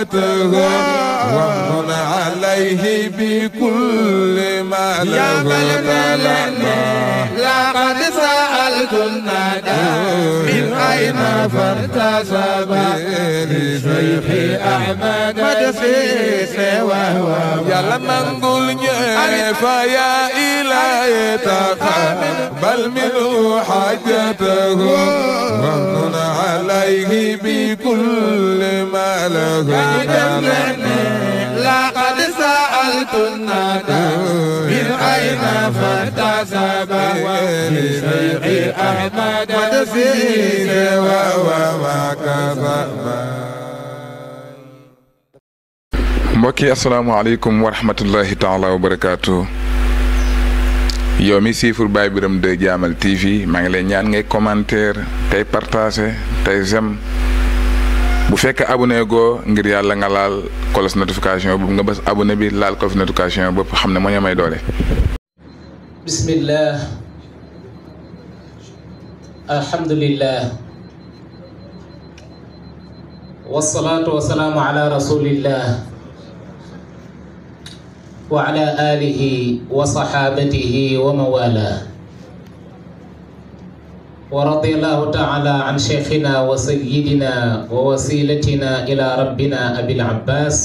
ذاتها ومن عليه بكل ما له لا قد سأل الندى من أين فارتسب لشيخ أحمد مدسيس وهو يا لمن قل فيا إلهي تقبل منه حاجته ومن عليه بكل ما له لا سألت الندى من أين فاحتسب وفي شيخ أحمد فيه وكفى mbokk yi asalaamaaleykum wa rahmatullahi taala wa barakaatu yow mi siifur Baye Birame 2 Jaamal TV maa ngi lay ñaan ngay commentaire tey partagé tey j'aime bu fekkee abonné go ngir yàlla nga laal kolos notification bu nga bass abonné bi laal kolos notification bop xamné mo ñamay doole. bismillah alhamdulillah wassalatu wassalamu ala rasulillah wa ala alihi wa sahabatihi wa mawalah ورضي الله تعالى عن شيخنا وسيدنا ووسيلتنا إلى ربنا أبي العباس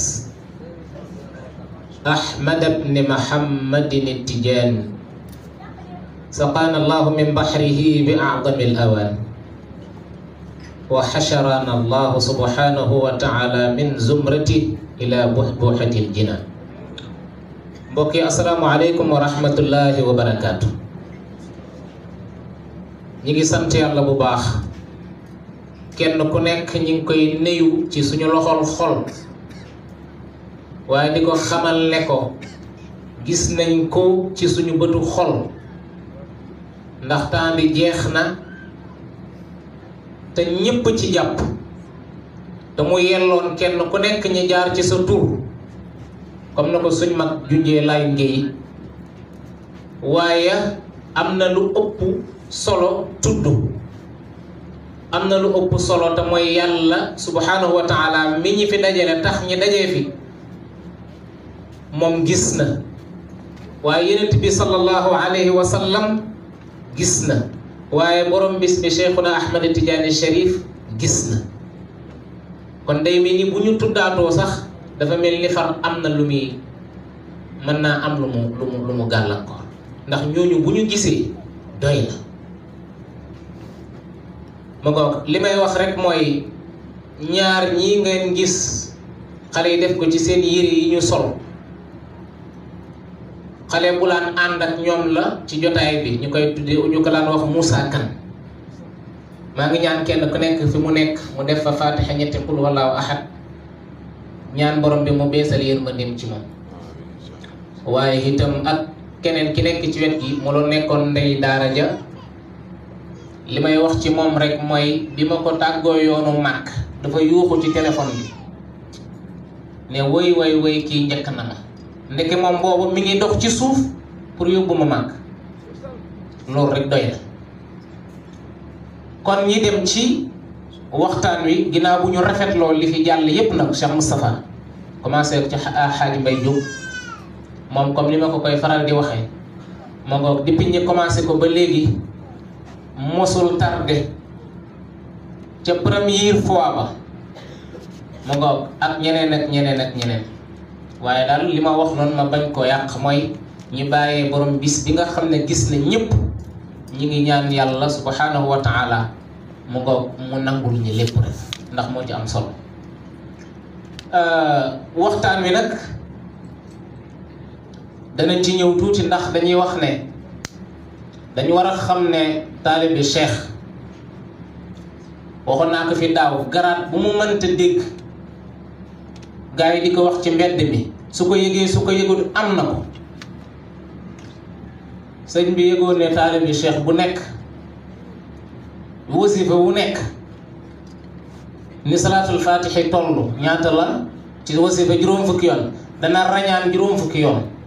أحمد بن محمد التجان سقانا الله من بحره بأعظم الأوان وحشرنا الله سبحانه وتعالى من زمرته إلى بحبوحة الجنان بقي السلام عليكم ورحمة الله وبركاته ñi ngi sant yàlla bu baax kenn ku nekk ñi ngi koy nuyu ci suñu loxol xol waaye di ko xamal ne ko gis nañ ko ci suñu bëtu xol ndax temps bi jeex na te ñépp ci jàpp te mu yelloon kenn ku nekk ñi jaar ci sa tur comme na ko suñ mag junjee lay ngéy waaye am na lu ëpp solo tudd am na lu ëpp solo te mooy yàlla subhanahu wa taala mi ñi fi dajale tax ñi dajee fi moom gis na waaye yonent bi sallallahu alayhi wa gis na waaye borom bis bi cheikhuna ahmad tijaani sharif gis na kon day mel ni bu ñu tuddaatoo sax dafa mel ni far am na lu muy mën naa am lu mu lu mu lu mu gàllankoor ndax ñooñu bu ñu gisee doy na ma ngoog li wax rek moy ñaar ñi ngeen gis xalé def ko ci seen yiri yi ñu sol xalé bu laan ànd ak ñom la ci jotaay bi ñukoy tuddé ñu ko lan wax Moussa Kan ma ngi ñaan kenn ku nekk fi mu nekk mu def fa fatiha ñetti qul wallahu ahad ñaan borom bi mu ma dem ci mom waye hitam ak keneen ki nekk ci wet gi mu lo nekkon ndey dara ja li may wax ci moom rekk mooy bi ma ko tàggoo yoonu màkk dafa yuuxu ci téléphone bi ne woy woy woy kii njëkk na ma ndeke moom boobu mi ngi dox ci suuf pour yóbbu ma màkk loolu rek doy na kon ñi dem ci waxtaan wi ginnaaw bu ñu rafetloo li fi jàll yépp nag Cheikh Moustapha commencé ko ci xaaji ah, mbay jóg moom comme ni ma ko koy faral di waxee moo ko depuis ñi commencé ko ba léegi mosul tardé ca première fois ba mu ngoog ak ñeneen ak ñeneen ak ñeneen waaye daal li ma wax noonu ma bañ koo yàq mooy ñu bàyyee borom bis bi nga xam ne gis na ñëpp ñi ngi ñaan yàlla subhanahu wa taala mu ngoog mu nangul ñi lépp rek ndax moo ci am solo euh, waxtaan wi nag danañ ci ñëw tuuti ndax dañuy wax ne dañu war a xam ne taalibi cheikh waxoon naa ko fi daaw garaat bu mu mënta dégg gars yi di ko wax ci mbedd bi su ko yëgee su ko yëgul am na ko sëñ bi yëgoon ne taalibi cheikh bu nekk wasifa wu nekk ni salaatul faatixi toll ñaata la ci wasifa juróom fukki yoon dana rañaan juróom fukki yoon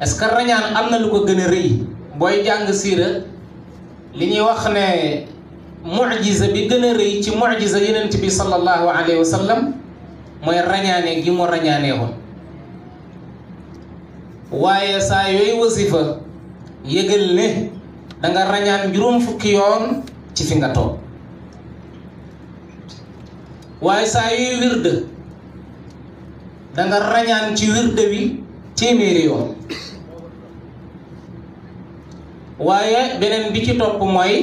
est-ce que rañaan am na lu ko gën a rëy booy jàng siira li ñuy wax ne mucjisa bi gën a rëy ci mucjisa yenent bi sallallahu alayhi wa sallam mooy rañaane gi mu rañaanee woon waaye saa yooyu wasifa yëgal ne danga rañaan juróom fukki yoon ci fi nga toog waaye saa yooyu wirde danga rañaan ci wirde wi téeméeri yoon waaye beneen bi ci topp mooy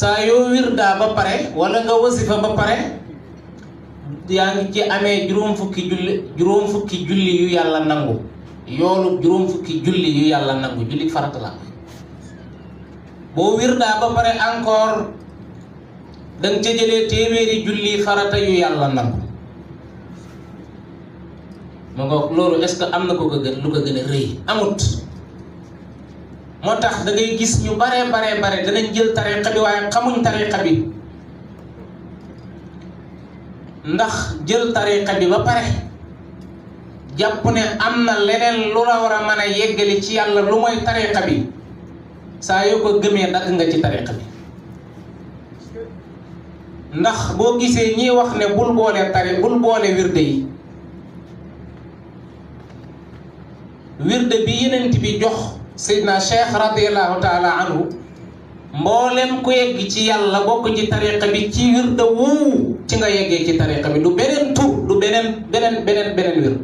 saa yoo wirdaa ba pare wala nga wasifa ba pare yaa ngi ci amee juróom fukki julli juróom fukki julli yu yàlla nangu yoonu juróom fukki julli yu yàlla nangu julli farata la boo wirdaa ba pare encore danga ca jëlee téeméeri julli farata yu yàlla nangu ma nga loolu est que am na ko ko gën lu ko gën a rëy amut moo tax dangay gis ñu baree baree bare danañ jël tariqa bi waaye xamuñ tariqa bi ndax jël tariqa bi ba pare jàpp ne am na leneen lu la a mën a yeggali ci yàlla lu mooy tariqa bi saa yoo ko gëmee dagg nga ci tariqa bi ndax boo gisee ñiy wax ne bul boole tari bul boole wirde yi wirde bi yenent bi jox seydna na radiallahu taala anhu mboolem ku yegg ci yàlla bokk ci tariqa bi ci wirde woowu ci nga yeggee ci tariqa bi du beneen tur du beneen beneen beneen beneen wir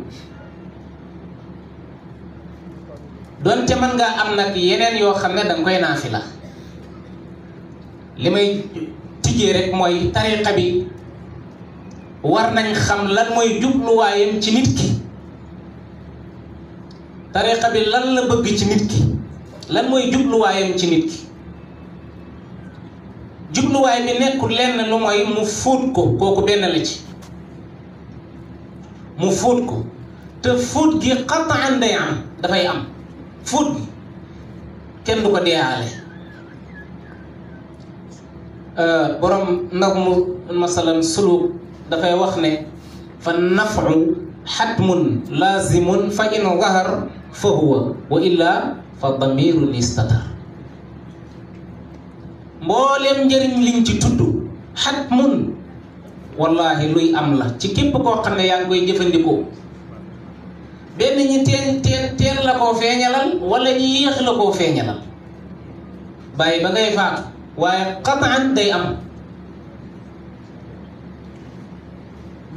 donte mën ngaa am nag yeneen yoo xam ne danga koy naafila li may tijjee rek mooy tariqa bi war nañ xam lan mooy jubluwaayam ci nit ki tariqa bi lan la bëgg ci nit ki lan moy jublu jubluwaayam ci nit ki jublu jubluwaay mi nekkul lenn lu moy mu fóot ko koku ben la ci mu fóot ko te fóot gi qat'an day am da fay am fóot gi kenn du ko deeyaale borom nak mu masalan suluk fay wax ne fa nafu xatmun lazimun fa in zahar fa huwa wa illaa fa damiru listatar mboolem njëriñ liñ ci tudd xat mun wallahi luy am la ci képp koo xam ne yaa ngi koy jëfandikoo benn ñi teel teel teel la koo feeñalal wala ñi yéex la koo feeñalal bàyyi ba ngay faatu waaye xataan day am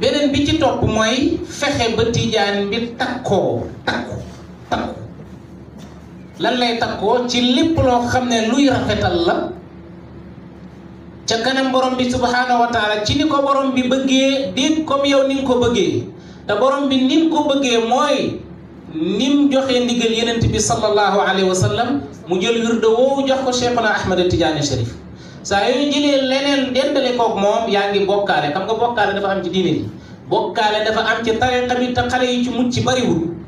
beneen bi ci topp mooy fexe ba tijaan bi takkoo takku takku lan lay takkoo ci lépp loo xam ne luy rafetal la ca kanam borom bi subhaanahu wa ci ni ko borom bi bëggee di comme yow ni ko bëggee te borom bi ni ko bëggee mooy nim joxe ndigal yenent bi sallallahu alayhi wa sallam mu jël wirde woowu jox ko Cheikhuna Ahmad Tidiane Chérif saa yooyu jëlee leneen dendale koog moom yaa ngi bokkaale xam nga bokkaale dafa am ci diine ji bokkaale dafa am ci tariqa bi te xale yi ci mucc ci bariwul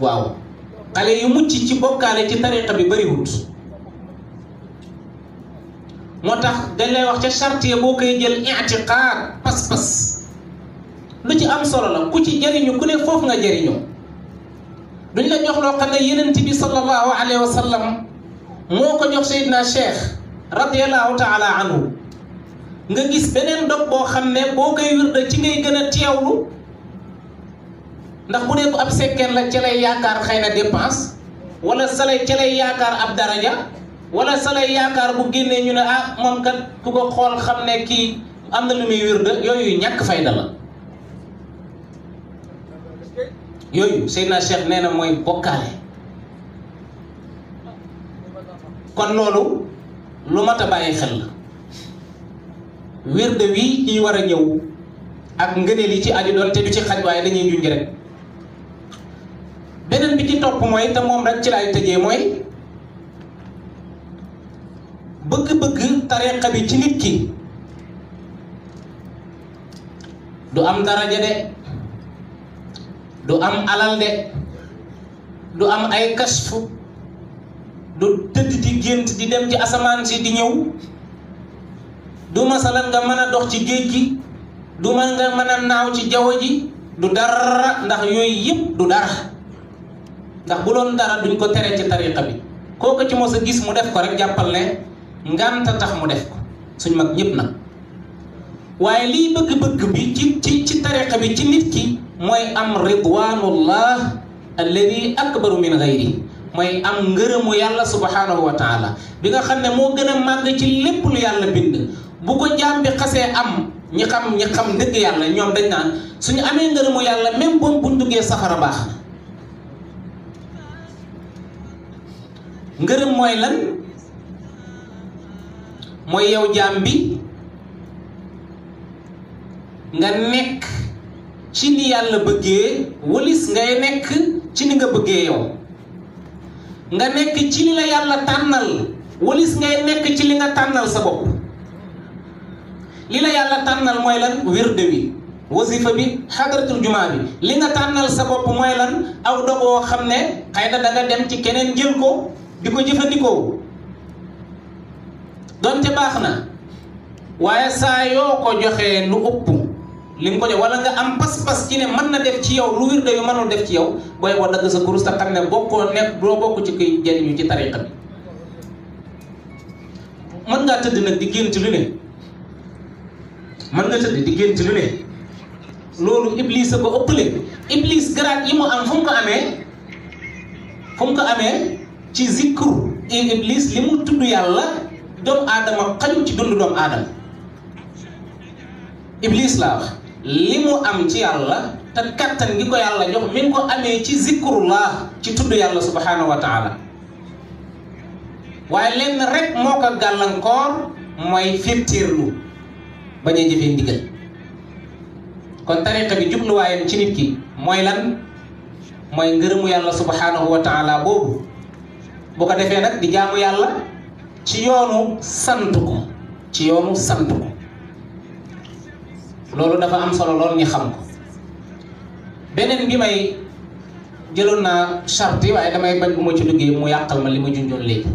waaw xale yu mucc ci bokkaale ci tariqa bi bariwut moo tax dañ lay wax ca chartier boo koy jël itiqaad pas-pas lu ci am solo la ku ci jëriñu ku ne foofu nga jëriñoo duñ la jox loo xam ne yenent bi sallallahu alayhi moo ko jox sayidna cheikh radiallahu taala anhu nga gis beneen dog boo xam ne boo koy wirda ci ngay gën a teewlu ndax bu dee ab sekken la ci lay yaakaar xeyna dépense wala sa ci lay yaakaar ab daraja wala sa yakar bu génnee ñu na ah mom kat ku ko xol xamné ki am na lu muy wirde yoyu ñak fayda la yoyu Seydina Cheikh néna moy bokalé kon lolu lu mata baye xel la wirde wii ak ngeeneli ci adi don te du ci xaj dañuy junj rek beneen bi di topp mooy te moom rek ci laay tëjee mooy bëgg-bëgg tariqa bi ci nit ki du am daraja de du am alal de du am ay kasfu du tëdd ci gént di dem ci asamaan si di ñëw du masalan nga mën a dox ci géej gi du ma nga mën a naaw ci jaww ji du dara ndax yooyu yëpp du dara ndax bu doon dara duñ ko téré ci tariqa bi kooku ci mosa gis mu def ko rek jàppal ne ta tax mu def ko suñ mag ñep nak waye li bëgg-bëgg bi ci ci ci tariqa bi ci nit ki moy am ridwanullah alladhi akbaru min ghayri moy am ngërëmu yalla subhanahu wa taala bi nga xam mo gëna mag ci lepp lu yalla bind bu ko jambi xasse am ñi xam ñi xam dëgg yalla ñom dañ naan suñu amé ngërëmu yalla même bon buñ safara ngërëm mooy lan mooy yow jaam bi nga nekk ci ni yàlla bëggee walis ngay nekk ci ni nga bëggee yow nga nekk ci li la yàlla tànnal walis ngay nekk ci li nga tànnal sa bopp li la yàlla tànnal mooy lan wirde wi wasifa bi xadaratul jumaa bi li nga tànnal sa bopp mooy lan aw dogoo xam ne xëy na dem ci keneen jël ko di ko jëfëndiko donte baax na waaye saa yoo ko joxee nu upp li ko wala nga am pas-pas ci ne man na def ci yow lu wir yu manul def ci yow boy wala nga sa kurus xamne ne nek do bokku ci kay koy ñu ci tariqa bi mën ngaa di lu ne man nga tedd di lu ne lolu iblis sebo ko iblis gerak yi mu am fu ko amé fu ko amé ci zikru iblis limu tuddu yalla dom adam ak xaju ci dundu dom adam iblis la wax Allah am ci yalla ta katan gi ko jox min ko amé ci zikrullah ci tuddu yalla subhanahu wa taala waye len rek moko galan kor moy fitirlu baña jëfé ndigal kon tariqa bi jubluwaayam ci nit ki moy lan subhanahu wa taala bobu bu ko defee nag di jaamu yàlla ci yoonu sant ko ci yoonu sant ko loolu dafa am solo lool ñu xam ko beneen bi may jëloon naa charte yi waaye damay bañ bu ma ci duggee mu yàqal ma li ma junjoon léegi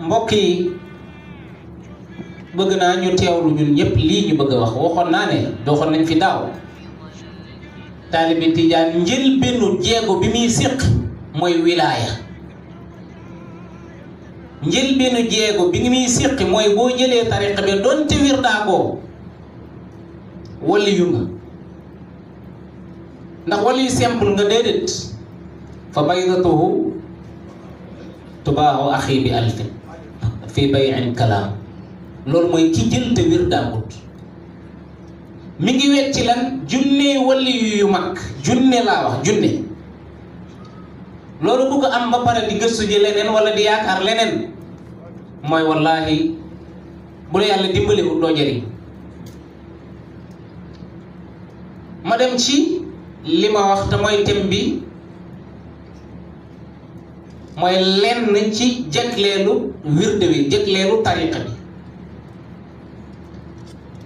mbokk yi bëgg naa ñu teewlu ñun ñëpp lii ñu bëgg a wax waxoon naa ne doxoon nañ fi daaw taalibi tijaan njëlbéenu jéego bi muy séq mooy wilaaya njëlbeenu jéego bi ngi muy siqi mooy boo jëlee tariqa bi donte wirdaa koo waliyu nga ndax waliyu simple nga déedéet fa baydatuhu tubaaxu axi bi alfin fii bayin kalaam loolu mooy ki jël te wirdaawut mi ngi wecci lan junne waliyu yu mag junne laa wax junne loolu ku ko am ba pare di gësu ji leneen wala di yaakaar leneen mooy wallaahi bu la yàlla dimbaliwul doo jëriñ ma dem ci li ma wax te mooy ci jëkleelu wirde wi jëkleelu tariqa bi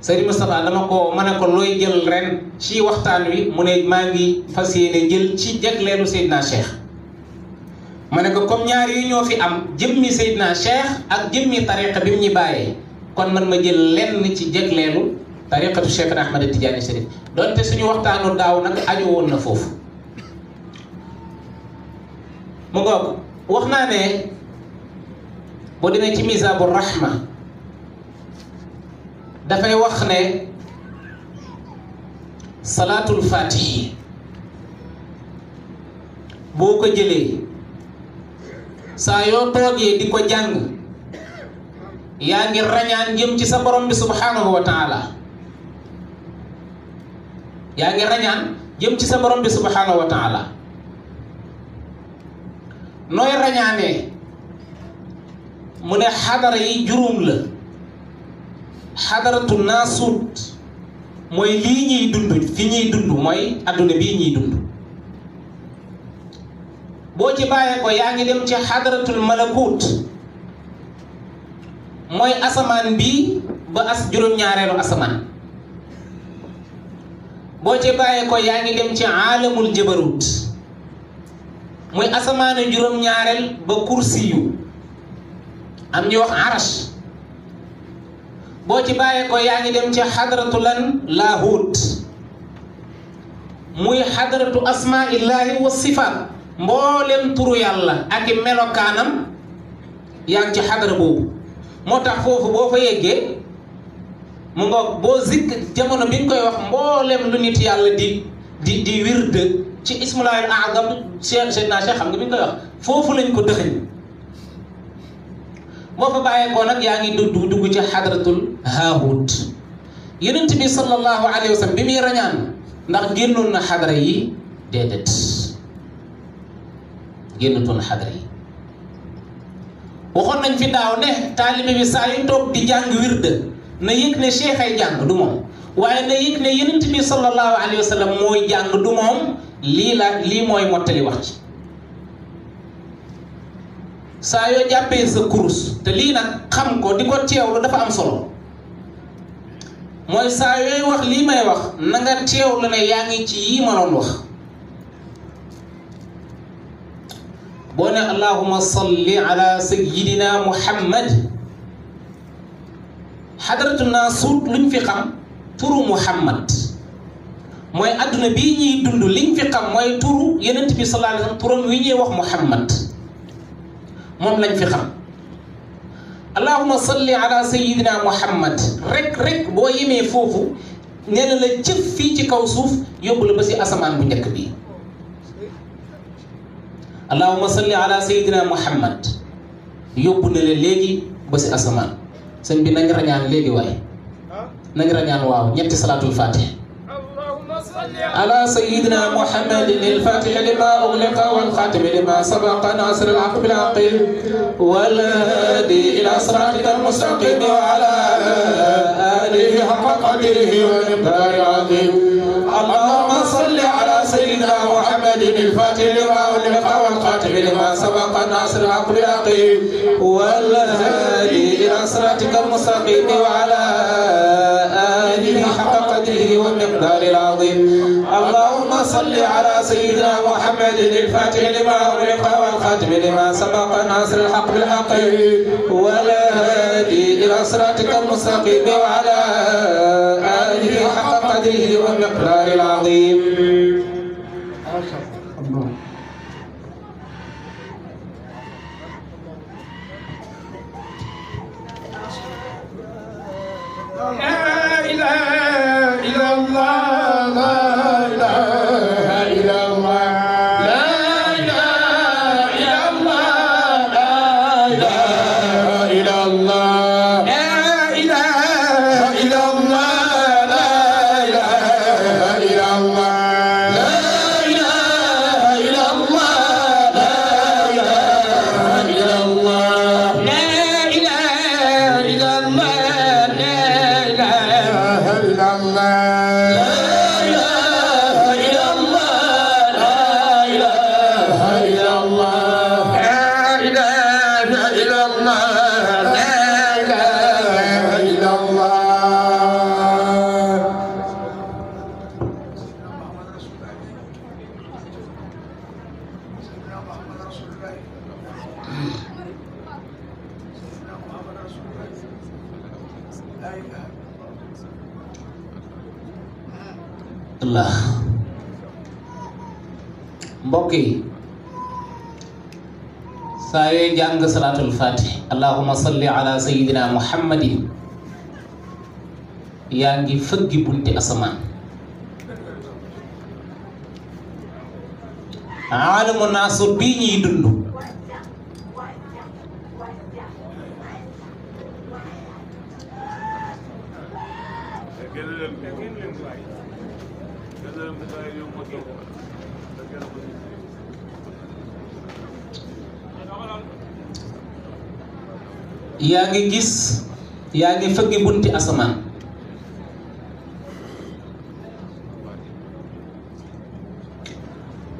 sëriñ dama ko mën a ko looy jël ren ci waxtaan wi mu ne maa ngi fas yéene jël ci jëkleelu Seydina Cheikh ma ne ko comme ñaar yu ñoo fi am jëmmi Seydina Cheikh ak jëmmi tariqa bi mu ñu bàyyee kon man ma jël lenn ci jégleelu tariqatu Cheikh Ahmad Tidiane Chérif donte suñu waxtaanu daaw nag aju woon na foofu mu ngoog wax naa ne boo demee ci misaabu rahma dafay wax ne salaatul faatihi boo ko jëlee saa yoo toogee di ko jàng yaa ngi rañaan jëm ci sa borom bi subhanahu wa taala yaa ngi jëm ci sa borom bi subhanahu wa taala nooy rañaanee mu ne xadara yi juróom la xadaratu naasuut mooy lii ñuy dund fi ñuy dund mooy adduna bii ñuy dund boo ci bàyyee ko yaa ngi dem ci xadratul malakut mooy asamaan bi ba as juróom-ñaareelu asamaan boo ci bàyyee ko yaa ngi dem ci aalamul jabarut muy asamaanu juróom-ñaareel ba kursiyu am ñu wax arash boo ci bàyyee ko yaa ngi dem ci xadratu lan laahut muy xadratu asmaa illaahi wa sifaat mboolem turu yàlla ak i melokaanam yaa ci xadara boobu moo tax foofu boo fa yeggee mu nga boo zikk jamono bi ñu koy wax mboolem lu nit yàlla di di di wird ci ismulaayul agam Cheikh Seydina Cheikh xam nga bi ñu koy wax foofu lañ ko dëxëñ boo fa bàyyeekoo nag yaa ngi dugg dugg ci xadratul haahut yonent bi sallallahu alayhi wa sallam bi muy rañaan ndax génnoon na xadara yi déedéet génnatoon xadra yi waxoon nañ fi daaw ne taalibe bi saa yu toog di jàng wirde na yëg ne cheikh jàng du moom waaye na yëg ne yenent bi sallallahu alayhi wa mooy jàng du moom lii la lii mooy mottali wax ci saa yoo jàppee sa kurus te lii nag xam ko di ko teewlu dafa am solo mooy saa yooy wax lii may wax na nga teewlu ne yaa ngi ci yii ma doon wax بنا اللهم صل على سيدنا محمد حضرتنا صوت لنفقا تورو محمد موي ادنا بي ني دوند لنفقم موي تورو يننتي صلى الله عليه وسلم تورم وي ني واخ محمد موم لنفقم اللهم صل على سيدنا محمد رك رك بو يمي فوفو نينا لا تيف في تي كاو سوف يوبل باسي اسمان بو نك بي اللهم صل على سيدنا محمد يوبن لليجي بس أسمان سن بنغرا نان ليجي واي نغرا نان واو نيت صلاه الفاتحه على سيدنا محمد الفاتح لما أغلق والخاتم لما سبق ناصر العقل بالعقل والهادي إلى صراطك المستقيم وعلى آله حق قدره وإبهار عظيم اللهم صل سيدنا محمد الفاتح لما والقاتل لما سبق الناصر الحق اليقين والهادي الى صراطك المستقيم وعلى اله حق قدره والمقدار العظيم اللهم صل على سيدنا محمد الفاتح لما أغلق والخاتم لما سبق ناصر الحق بالحق والهادي إلى صراطك المستقيم وعلى آله حق قدره والمقدار العظيم സലാത്തുൽ ഫാത്തി അല്ലാഹുമ്മ സല്ലി അലാ സയ്യിദിന മുഹമ്മദിൻ യാങ്കി ഫഗ്ഗി ബുണ്ടി അസമാൻ ആലുമ നാസു yaa ngi gis yaa ngi fëggi bunti asamaan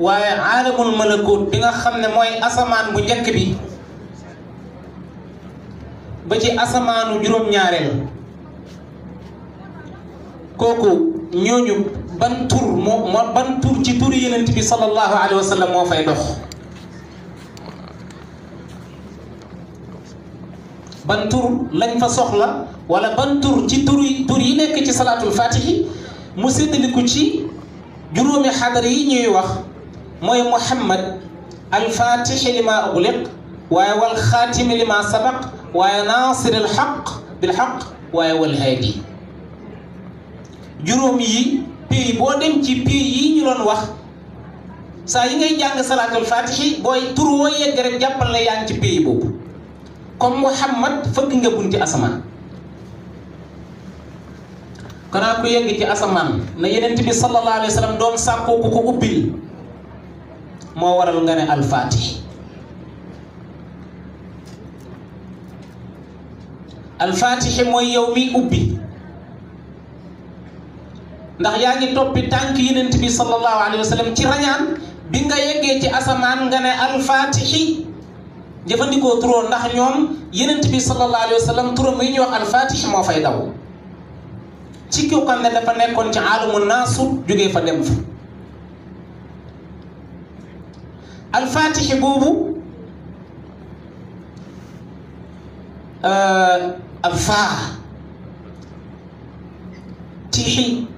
waaye aalamul malakut bi nga xam ne mooy asamaan bu njëkk bi ba ci asamaanu juróom-ñaareel kooku ñooñu ban tur moo ban tur ci turi yenent bi sallallahu alayhi wa moo fay dox ban tur lañ fa soxla wala ban tur ci tur tur yi nekk ci salaatul fatihi mu séddaliku ci juróomi xadar yi ñuy wax mooy muhammad al fatihi lima ugliq waaye wal xaatimi lima sabaq waaye naasir al xaq bil xaq waaye wal haadi juróom yi pays boo dem ci pays yi ñu doon wax saa yi ngay jàng salaatul fatihi booy tur woo yegg rek jàppal la yaa ngi ci pays boobu comme muhammad fëgg nga bunti asaman kana ko yegg ci asaman, na yenen bi sallallahu alaihi wasallam don sàkku ko ko ubil mo waral nga ne fatih al fatih moy mi ubbi ndax yaangi topi tank yenen yenent bi sallallahu alaihi wasallam ci rañan bi nga yegge ci al nga ne fatih jëfandikoo turoo ndax ñoom yenent bi sallallahu alayhi wa sallam turam yi ñuy wax alfatih moo fay daw ci ki xam ne nekkoon ci aalamu naasut jógee fa dem fa alfatih boobu euh, alfaa tixi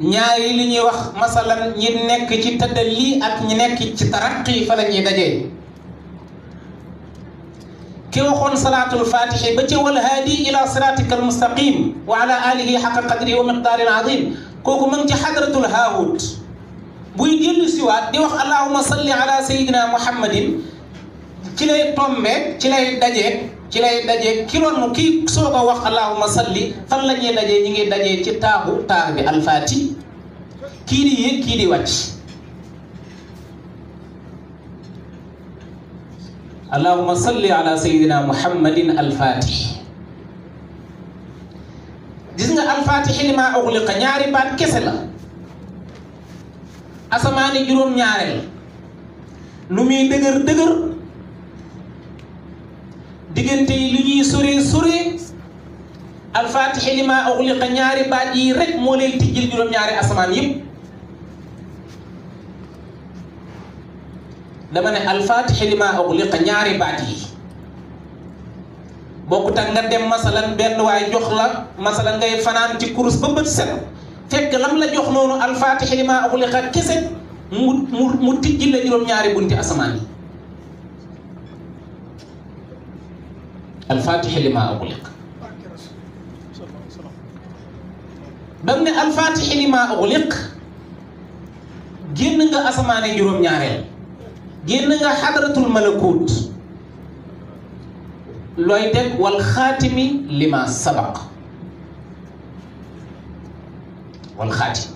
ñaari li ñuy wax masalan ñi nekk ci tëddal lii ak ñi nekk ci taraqi fa la ñuy dajee ki waxoon salaatul fatihi ba ci wal haadi ila siratika al mustaqim wa ala alihi xaqa qadri wa miqdaari al azim kooku mu ngi ci xadratul haawut buy dellu siwaat di wax allahuma salli ala sayidina muhammadin ci lay tombe ci lay dajee ci lay dajee ki doon kii soog a wax allahuma salli fan la ñuy dajee ñi ngi dajee ci taaxu taax bi alfaati kii di yéeg kii di wàcc allahuma salli ala sayidina muhammadin alfaati gis nga alfaati lima uxliqa ñaari baat kese la asamaani juróom ñaareel lu muy dëgër dëgër diggante lu ñuy sore sore al fatih lima uxliqa ñaari baat yi rek mo leen tijil juróom ñaari asman yëpp dama ne al fatih lima uxliqa ñaari baat yi bokku tak nga dem masalan benn waay jox la masalan ngay fanaan ci kurus ba bët set fekk lam la jox noonu al fatih lima uxliqa kese mu mu mu la juróom ñaari bunti asman yi الفاتح لما أغلق بمن الفاتح لما أغلق جنن أسمان يروم نعيل جنن حضرة الملكوت لويتك والخاتم لما سبق والخاتم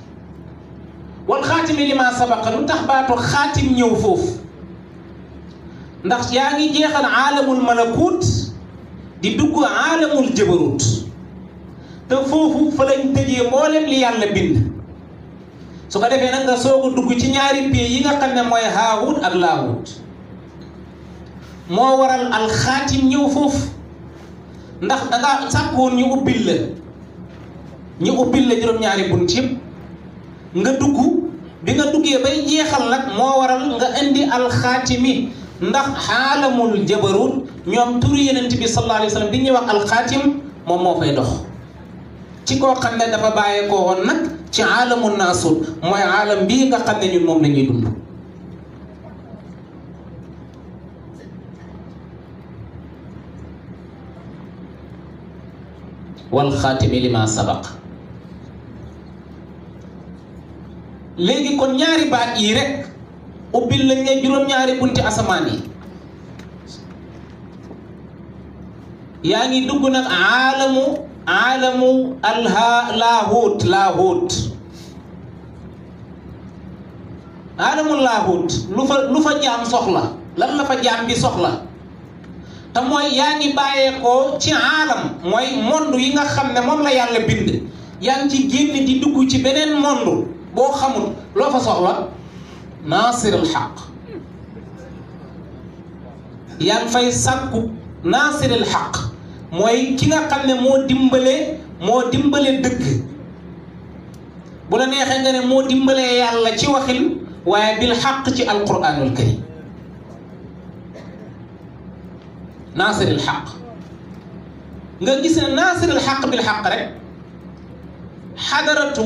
والخاتم لما سبق نتاخ باتو خاتم نيو فوف ndax yaangi jeexal alamul di dugg aalamul jëbarut te foofu fa lañ tëjee mboolem li yàlla bind su ko defee nag nga soog a dugg ci ñaari pie yi nga xam ne mooy haawut ak laawut moo waral alxaatim ñëw foofu ndax danga sàkkoon ñu ubbil la ñu ubbil la juróom-ñaari bunt yëpp nga dugg bi nga duggee bay jeexal nag moo waral nga indi alxaatimi ndax alamul jabarut ñom turu yenent bi sallallahu alayhi wasallam bi ñi wax al khatim mom mo fay dox ci ko xamne dafa baye ko won nak ci alamun nasul moy alam bi nga xamne ñun mom lañuy dund wal xaatimi lima sabaq legi kon ñaari baat yi rek ubil lañ né juróom-ñaari bunti asamaan yi yaa dugg nak aalamu aalamu alha lahut lahut aalamu lahut lufa lufa lu fa jaam soxla lan la fa jam bi soxla ta moy yaangi baye ko ci aalam moy monde yi nga xamne mom la yalla bind yaangi di dugg ci benen monde bo xamul lo fa soxla ناصر الحق يان فاي سانكو ناصر الحق موي كيغا خامني مو ديمبالي مو ديمبالي دك بولا نيهي غاني مو ديمبالي يالا تي واخيل واي بالحق تي القران الكريم ناصر الحق nga gis ne naasir al haq bil haq rek xadaratu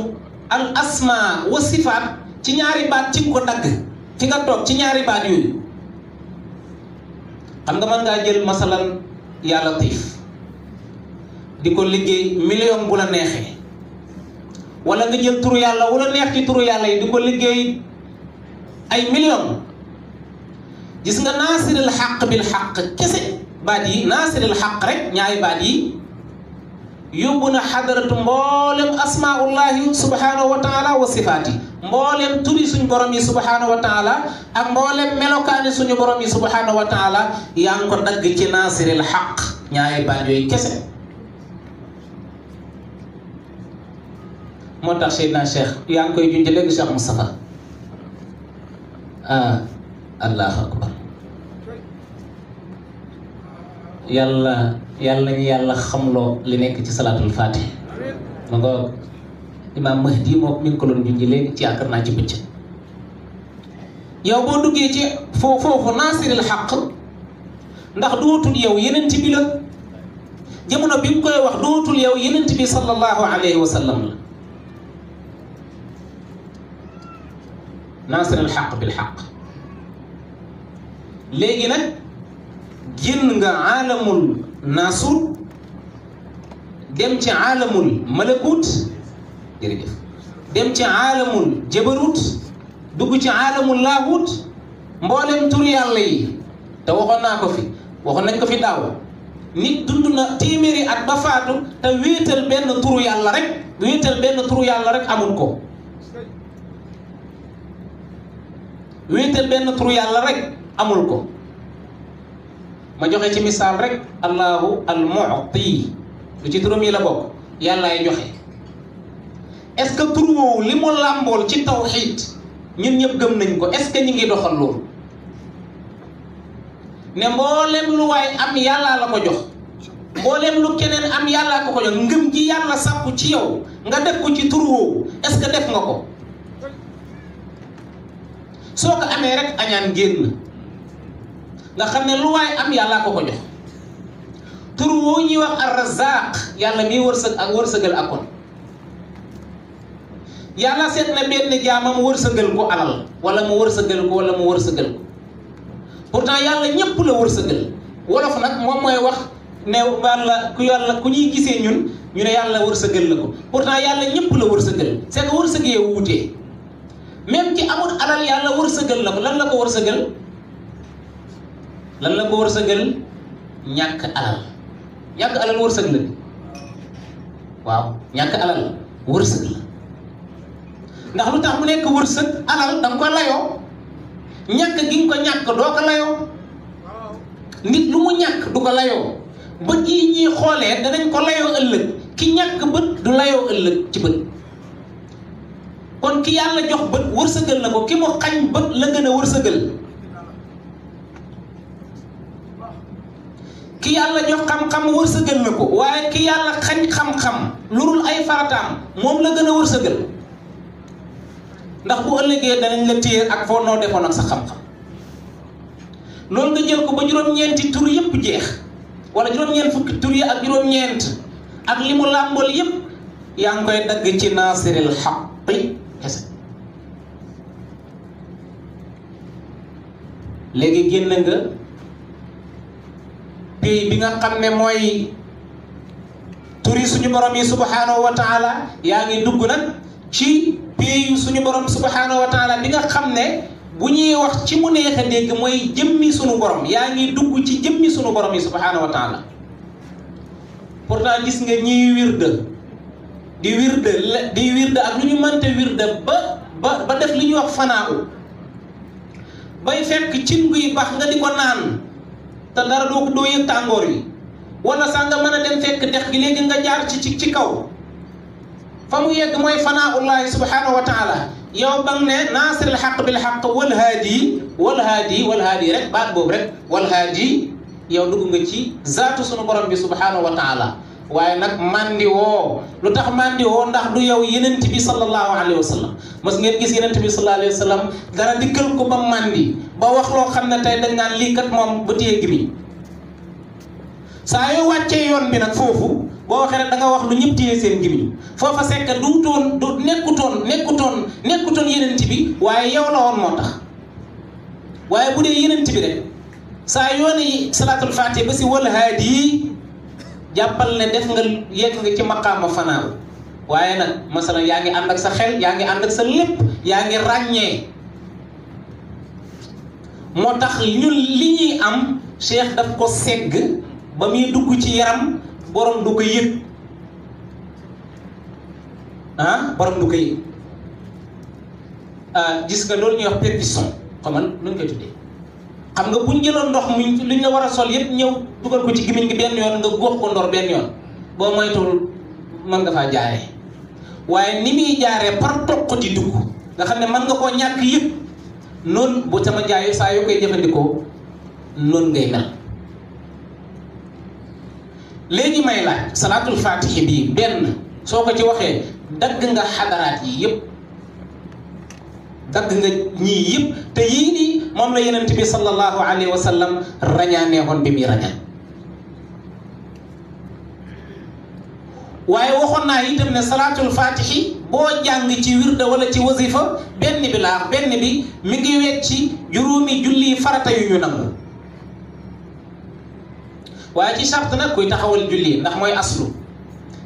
al asma wa sifat ci ñaari baat ci nga ko dagg fi nga toog ci ñaari baat yooyu xam nga mën ngaa jël masalan yaa latif di ko liggéey million bu la neexee wala nga jël turu yàlla wala neex ci turu yàlla yi di ko liggéey ay million gis nga naasiril xaq bil xaq kese baat yi naasiril xaq rek ñaari baat yi يبنى حضرة مولم أسماء الله سبحانه وتعالى وصفاته مولم تري سن برمي سبحانه وتعالى أم مولم ملوكان سن برمي سبحانه وتعالى يانكر دق جناصر الحق نعي بانيو يكسر موتا شيدنا شيخ يانكو يجنجلق شيخ مصطفى آه الله أكبر yàlla yàlla nañu yàlla xamloo li nekk ci salaatul faatih ma nga imaam Mahdi moom mi ngi ko doon junj léegi ci yaakaar naa ci bëccëg yow boo duggee ci foo foofu naasiril xaq ndax dootul yow yenent bi la jamono bi mu koy wax dootul yow yenent bi sallallahu alayhi wa sallam la naasiril xaq bil xaq léegi nag génn nga aalamul naasut dem ci aalamul malakut jërëjëf dem ci aalamul dugg ci aalamul laahut mboolem tur yàlla yi te waxoon naa ko fi waxoon nañ ko fi daaw nit dund na téeméeri at ba faatu te wéetal benn turu yàlla rek wéetal benn turu yàlla rek amul ko wéetal benn turu yàlla rek amul ko ma joxe ci misal rek allahu al mu'ti lu ci turum yi la bok yalla ay joxe est ce que tur woowu li mu làmbool ci tawhid ñun ñep gëm nañ ko est ce que ñi ngi doxal lool ne mboolem lu way am yalla la ko jox lu keneen am yalla ko ko jox ngëm ji yalla sappu ci yow nga def ko ci wo est ce que def nga ko soko amé rek añaan génn nga xam ne lu waay am yàllaa ko ko jox tur woo ñuy wax ar razaq yàlla miy wërsëg ak wërsëgal ak kon yàlla seet na benn jaamam wërsëgal ko alal wala mu wërsëgal ko wala mu wërsëgal ko pourtant yàlla ñépp la wërsëgal wolof nag moom mooy wax ne wàlla ku yàlla ku ñuy gisee ñun ñu ne yàlla wërsëgal la ko pourtant yàlla ñépp la wërsëgal c'est que wërsëgee wuutee même ci amul alal yàlla wërsëgal la ko lan la ko wërsëgal lan la ko wërsëgal ñàkk alal ñàkk alal wërsëg la waaw ñàkk alal wërsëg la ndax lu tax mu nekk wërsëg alal da ko layoo ñàkk gi nga ko ñàkk doo ko layoo nit lu mu ñàkk du ko layoo bët yi ñuy xoolee dañ ko layoo ëllëg ki ñàkk bët du layoo ëllëg ci bët kon ki yàlla jox bët wërsëgal la ko ki mu xañ bët la gën a wërsëgal ki yàlla jox xam-xam wërsëgal na ko waaye ki yàlla xañ xam-xam lurul ay faataam moom la gën a wërsëgal ndax bu ëllëgee danañ la téye ak foo noo defoon ak sa xam-xam loolu nga jël ko ba juróom-ñeenti tur yépp jeex wala juróom-ñeent fukki tur yi ak juróom-ñeent ak li mu làmbool yépp yaa ngi koy dagg ci naasiril xaqi kese léegi génn nga Di bi nga xamne moy turi suñu borom yi subhanahu wa taala yaa ngi dugg nak ci payu suñu borom subhanahu wa taala bi nga xamne ne bu ñuy wax ci mu neexa deg moy jëmmi suñu borom yaa ngi dugg ci jëmmi suñu borom yi subhanahu wa taala pourtant gis nga ñi wirde di wirde di wirde ak ñu wirde ba ba ba def li ñuy wax fanaaw bay fekk ci nguy bax nga di nan te dara doo doo yëg tàngoor yi wala sax nga mën a dem fekk dex gi léegi nga jaar ci ci ci kaw fa mu yegg mooy fanaa ullahi subhanahu wa taala yow ba ne naasiril xaq bi xaq wal haadi wal haadi wal haadi rek baat boobu rek wal haadi yow dugg nga ci zaatu sunu borom bi subhanahu wa taala waaye nag mandi woo lu tax mandi woo ndax du yow yenent bi sallallahu alayhi wa sallam gis yenent bi sallallahu alayhi wa sallam dara dikkal ko ba mandi ba wax loo xam ne tey dañ naan lii kat moom ba téye gri saa yoon bi nag foofu boo waxee wax lu ñëpp téye seen gimi foofa sekk duutoon du nekkutoon nekkutoon nekkutoon bi waaye yow la woon moo tax waaye bu dee yi si wal jàppal ne def nga yegg nga ci maqaama fanaaru waaye nag masalan yaa ngi ànd ak sa xel yaa ngi ànd ak sa lépp yaa ngi ràññee moo tax ñun li ñuy am cheikh daf ko segg ba muy dugg ci yaram borom du ko yëg ah borom du ko yëg ah, gis nga loolu ñuy wax perdition xamal lu ñu koy tuddee xam nga bu ñu jëloon ndox mi luñ la war a sol yëpp ñëw dugal ko ci gémmiñ gi benn yoon nga góox ko ndor benn yoon boo moytuwul mën nga faa jaaree waaye ni muy jaaree par toq di dugg nga xam ne mën nga koo ñàkk yëpp lool bu sama jaayu saa yu koy jëfandikoo noonu ngay mel. léegi may laaj salaatul faatihi bii benn soo ko ci waxee dagg nga xadaraat yi yëpp. dagg nga ñii yëpp te yii nii moom la yonent bi sallallahu alayhi wa sallam rañaanee woon bi muy rañaan waaye waxoon naa itam ne salaatul faatihi boo jàng ci wirda wala ci wasifa benn bi laax benn bi mi ngi ci juróomi julli farata yu ñu nangu waaye ci charte nag kuy taxawal julli ndax mooy aslu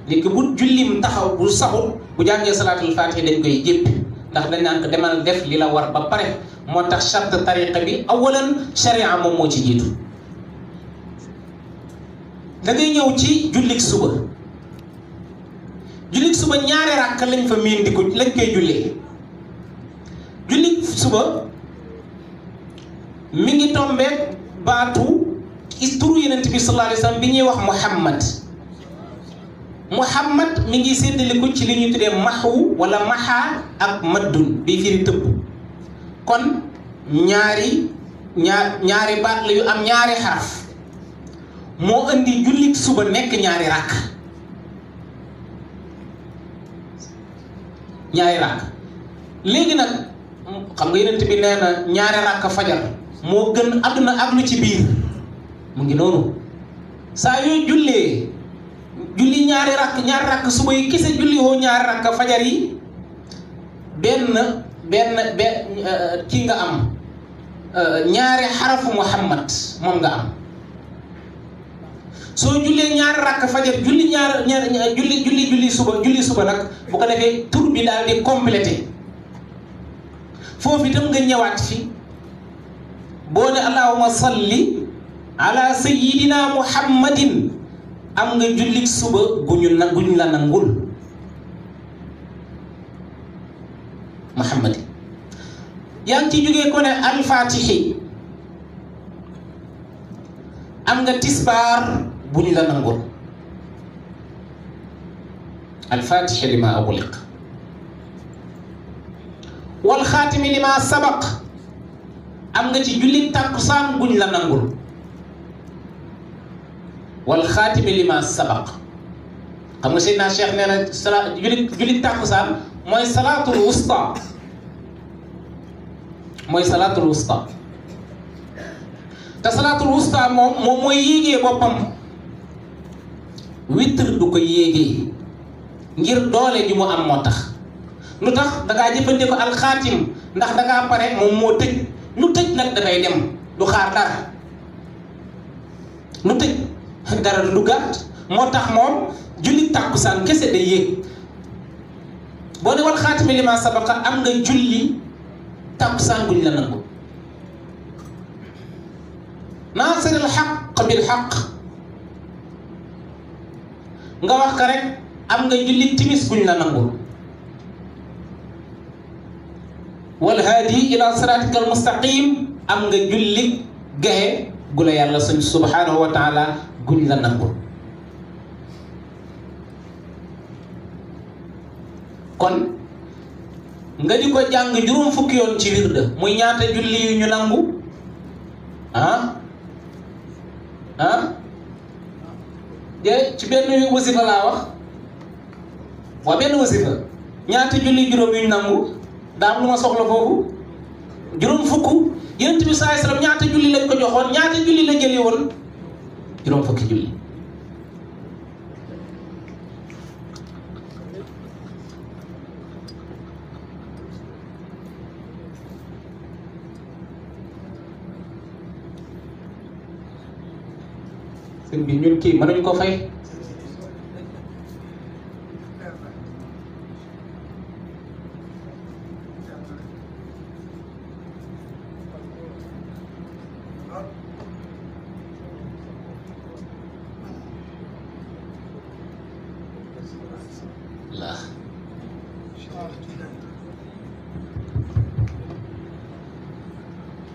nit ki bu jullim taxaw bu saxul bu jàngee salaatul faatihi dañ koy jéppi ndax dañ naan ko demal def li la war ba pare moo tax charte tariqa bi awalan sharia moom moo ci jiitu da ngay ñëw ci jullik suba jullik suba ñaari ràkk lañ fa miin di ko lañ koy jullee jullik suba mi ngi tombeek baatu isturu yenent bi sallallahu alayhi wa sallam bi ñuy wax muhammad muhammad mi ngi séddaliku ci li ñuy tuddee maxwu wala maxaa ak maddun bi firi tëbb kon ñaari ñaar ñaari baat la yu am ñaari xaraf moo indi jullit suba nekk ñaari ràkk ñaari ràkk léegi nag xam nga yenent bi nee na ñaari ràkk fajar moo gën àdduna ak lu ci biir mu ngi noonu saa yooy jullee julli ñaari rakk ñaari ràkk suba yi kese julli woo ñaari rakk fajar yi benn benn benn euh, kii nga am euh, ñaari xarafu muhammad moom nga am soo jullee ñaari rakk fajar julli ñaar ñaar julli julli julli suba julli suba nag bu ko defee tur bi daal di complété foofu itam nga ñëwaat fi boo de allahuma salli ala sayyidina muhammadin am nga jullit suba gu ñu na la nangul Muhammad yaa ngi ci jógee ko ne alfaatixi am nga tisbaar bu ñu la nangul alfaatixi li ma wal xaatimi li sabaq am nga ci jullit tàkkusaan bu la nangul wal xaatimi lima sabaq xam nga Seydina Cheikh nee na sala julli julli tàkkusaan mooy salaatul wusta mooy salaatul wusta te salaatul wusta moom moom mooy yéegee boppam witr du ko yéegee ngir doole ji am moo tax lu tax dangaa jëfandikoo alxaatim ndax dangaa pare moom moo tëj lu tëj nag dafay dem du xaar dara lu tëj dara du gàtt moo tax julli tàkkusaan kese day yéeg boo ne wal xaatimi li sabaqa am nga julli tàkkusaan guñ la nangu naasir al xaq nga wax ka rek am nga julli timis guñ la nangul wal haadi ila siratika al mustaqim am nga julli gexe gu yàlla suñ subhanahu wa taala guñ la nangul kon nga di ko jàng juróom fukk yoon ci wirda muy ñaata julli yu ñu nangu ah ah ci benn wasifa laa wax waa benn wasifa ñaata julli juróom yu ñu nangu daam lu ma soxla foofu juróom fukk yonent bi sallallahu alayhi wasallam ñaata julli lañ joxoon ñaata julli la jëlee woon juróom fukki julli sëñ bi ñun kii mënuñu ko fay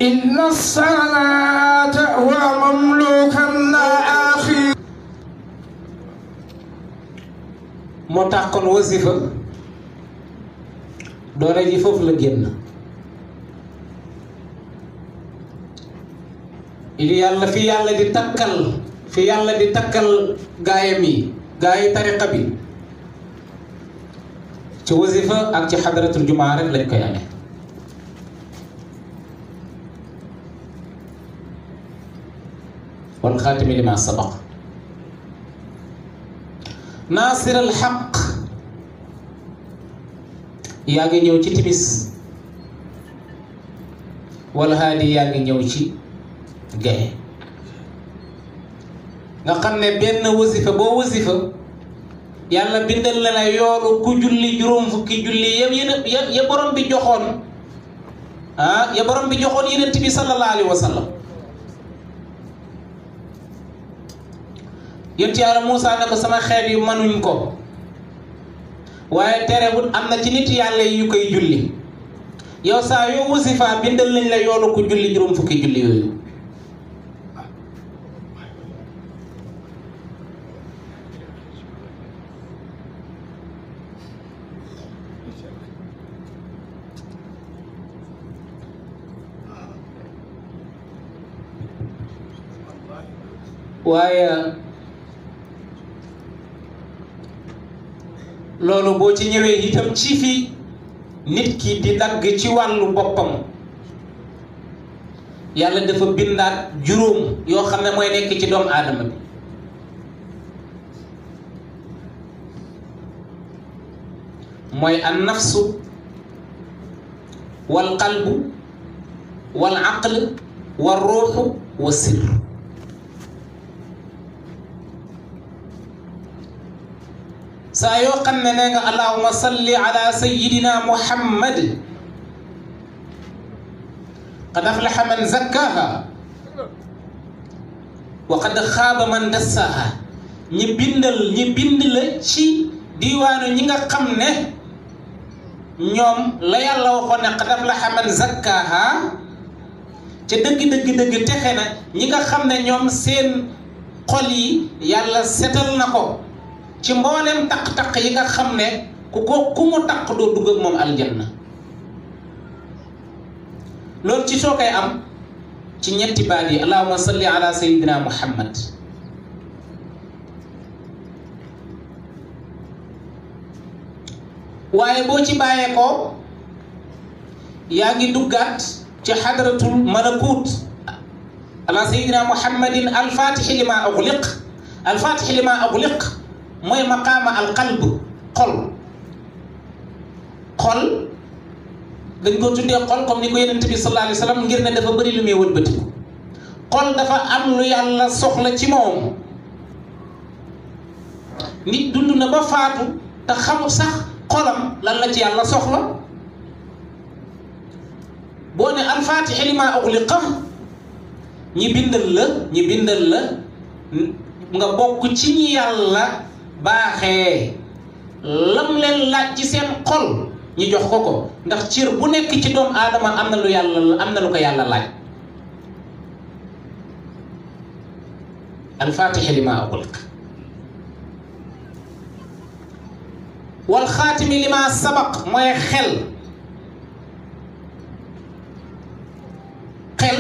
إن الصلاة هو مملوكا لا أخي moo tax kon wasifa doole ji foofu la génn li yàlla fi yàlla di takkal fi yàlla di takkal gaayam yi gaayi tariqa bi ci wasifa ak ci xadaratul jumaa rek lañ koy amee الخاتم لما سبق ناصر الحق ياغي نيو ñëw ci timis wala haadi yaa ngi ñëw nga xamne ben benn bo boo yàlla bindal na la yoru ku julli juróom fukki julli yeb ya ya borom bi joxone ah ya borom bi joxone yenent tibi sallallahu alaihi wasallam yonti yàlla Moussa ne ko sama xeet yu mënuñ ko waaye terewut am na ci nit yàlla yu koy julli yow saa yoo wasifa bindal nañ la yoonu ko julli juróom fukki julli yooyu waaye loolu boo ci ñëwee itam ci fii nit ki di dagg ci wàllu boppam yàlla dafa bindaat juróom yoo xam ne mooy nekk ci doomu aadama bi mooy an nafsu wal qalbu wal aql wal ruuxu wa سيقن ننغ اللهم صل على سيدنا محمد قد افلح من زكاها وقد خاب من دساها ني بيندل ني بيندل شي ديوان نيغا خامني نيوم لا يالا وخو ن قد افلح من زكاها ci deug deug deug texena ñi nga xamne ñom seen xol yi yalla setal nako ci mboolem taq-taq yi nga xam ne ku ko ku mu doo dugg moom aljanna loolu ci soo am ci ñetti baat yi allahumma salli ala muhammad waaye boo ci bàyyee ko yaa ngi duggaat ci xadratul malakut ala sayyidina muhammadin alfatixi li ma uxliq mooy maqaama alqalb xol xol dañ ko tuddee xol comme ni ko yonent bi sallallahu alayhi wa ngir ne dafa bëri lu muy wëlbatiku xol dafa am lu yàlla soxla ci moom nit dund na ba faatu te xamu sax xolam lan la ci yàlla soxla boo ne alfaatixi li maa uxliqa ñi bindal la ñi bindal la nga bokk ci ñi yàlla baxé lam leen laaj ci seen xol ñu jox ko ko ndax ciir bu nekk ci doom aadama am na lu yàlla am na lu ko yàlla laaj alfatixi lima uxliq walxaatimi lima sabaq mooy xel xel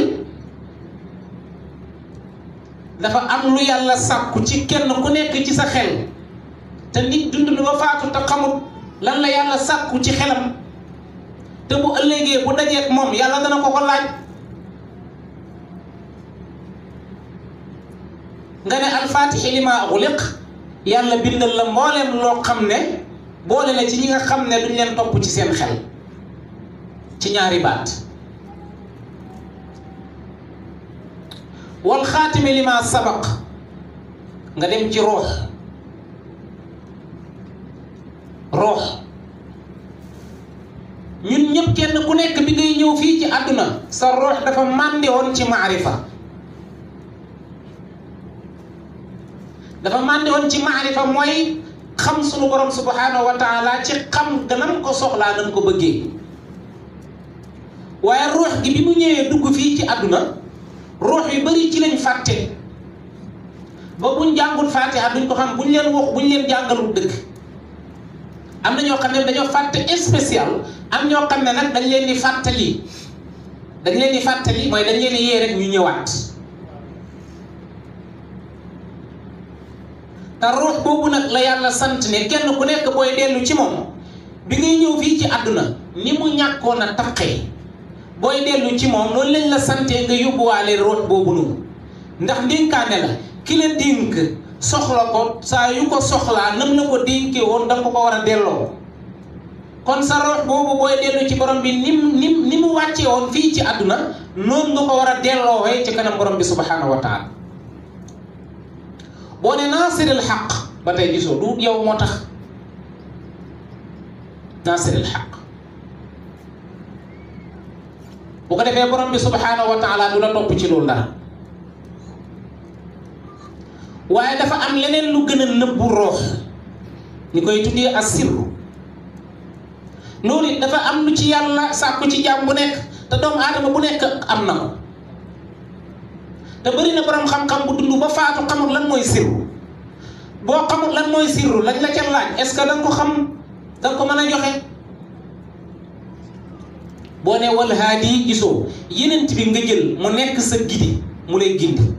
dafa am lu yàlla sàkku ci kenn ku nekk ci sa xel te nit dund na ba faatu te xamul lan la yàlla sàkku ci xelam te bu ëllëgee bu dajeek moom yàlla dana ko ko laaj nga ne alfaatixi li ma xuliq yàlla bindal la mbooleem loo xam ne boole la ci ñi nga xam ne duñ leen topp ci seen xel ci ñaari baat wal xaatimi li ma sabaq nga dem ci ruux Roh ñun ñep kenn ku nekk bi ngay ñew fi ci aduna sa roh dafa mandi won ci maarifa dafa mandi won ci maarifa moy xam sunu borom subhanahu wa taala ci xam ganam ko soxlaa nam ko bëggee waye roh gi bi mu ñewé dugg fi ci aduna roh yu bari ci lañ fàtte ba buñ jangul fatiha duñ ko xam buñ leen wax buñ leen dëkk am na ñoo xam ne dañoo fàtte spécial am ñoo xam ne nag dañ leen di fàttali dañ leen di fàttali mooy dañ leen di yee rek ñu ñëwaat te ruux boobu nag la yàlla sant ne kenn ku nekk booy dellu ci moom bi ngay ñëw fii ci àdduna ni mu ñàkkoon a booy dellu ci moom loolu lañ la santee nga yóbbuwaale ruux boobu noonu ndax ndénkaane la ki la dénk soxla ko saa yu ko soxlaa nam la ko dénkee woon danga ko ko war a delloo kon sa rox boobu booy dellu ci borom bi nim nim ni mu wàccee woon fii ci àdduna noonu nga ko war a delloowee ci kanam borom bi subhaanahu wa taala boo ne naasiril xaq ba tey gisoo du yow moo tax naasiril xaq bu ko defee borom bi subhaanahu wa taala du la topp ci loolu dara waaye dafa am leneen lu gën a nëbbu roox ñu koy tuddee asirru loolu it dafa am lu ci yàlla sàkku ci jaam bu nekk te doomu aadama bu nekk am na ko te bëri na borom xam-xam bu dund ba faatu xamul lan mooy sirru boo xamul lan mooy sirru lañ la ca laaj est-ce ko xam da nga ko mën a joxe boo ne wal haadi gisoo yeneen bi nga jël mu nekk sa gidi mu lay gindi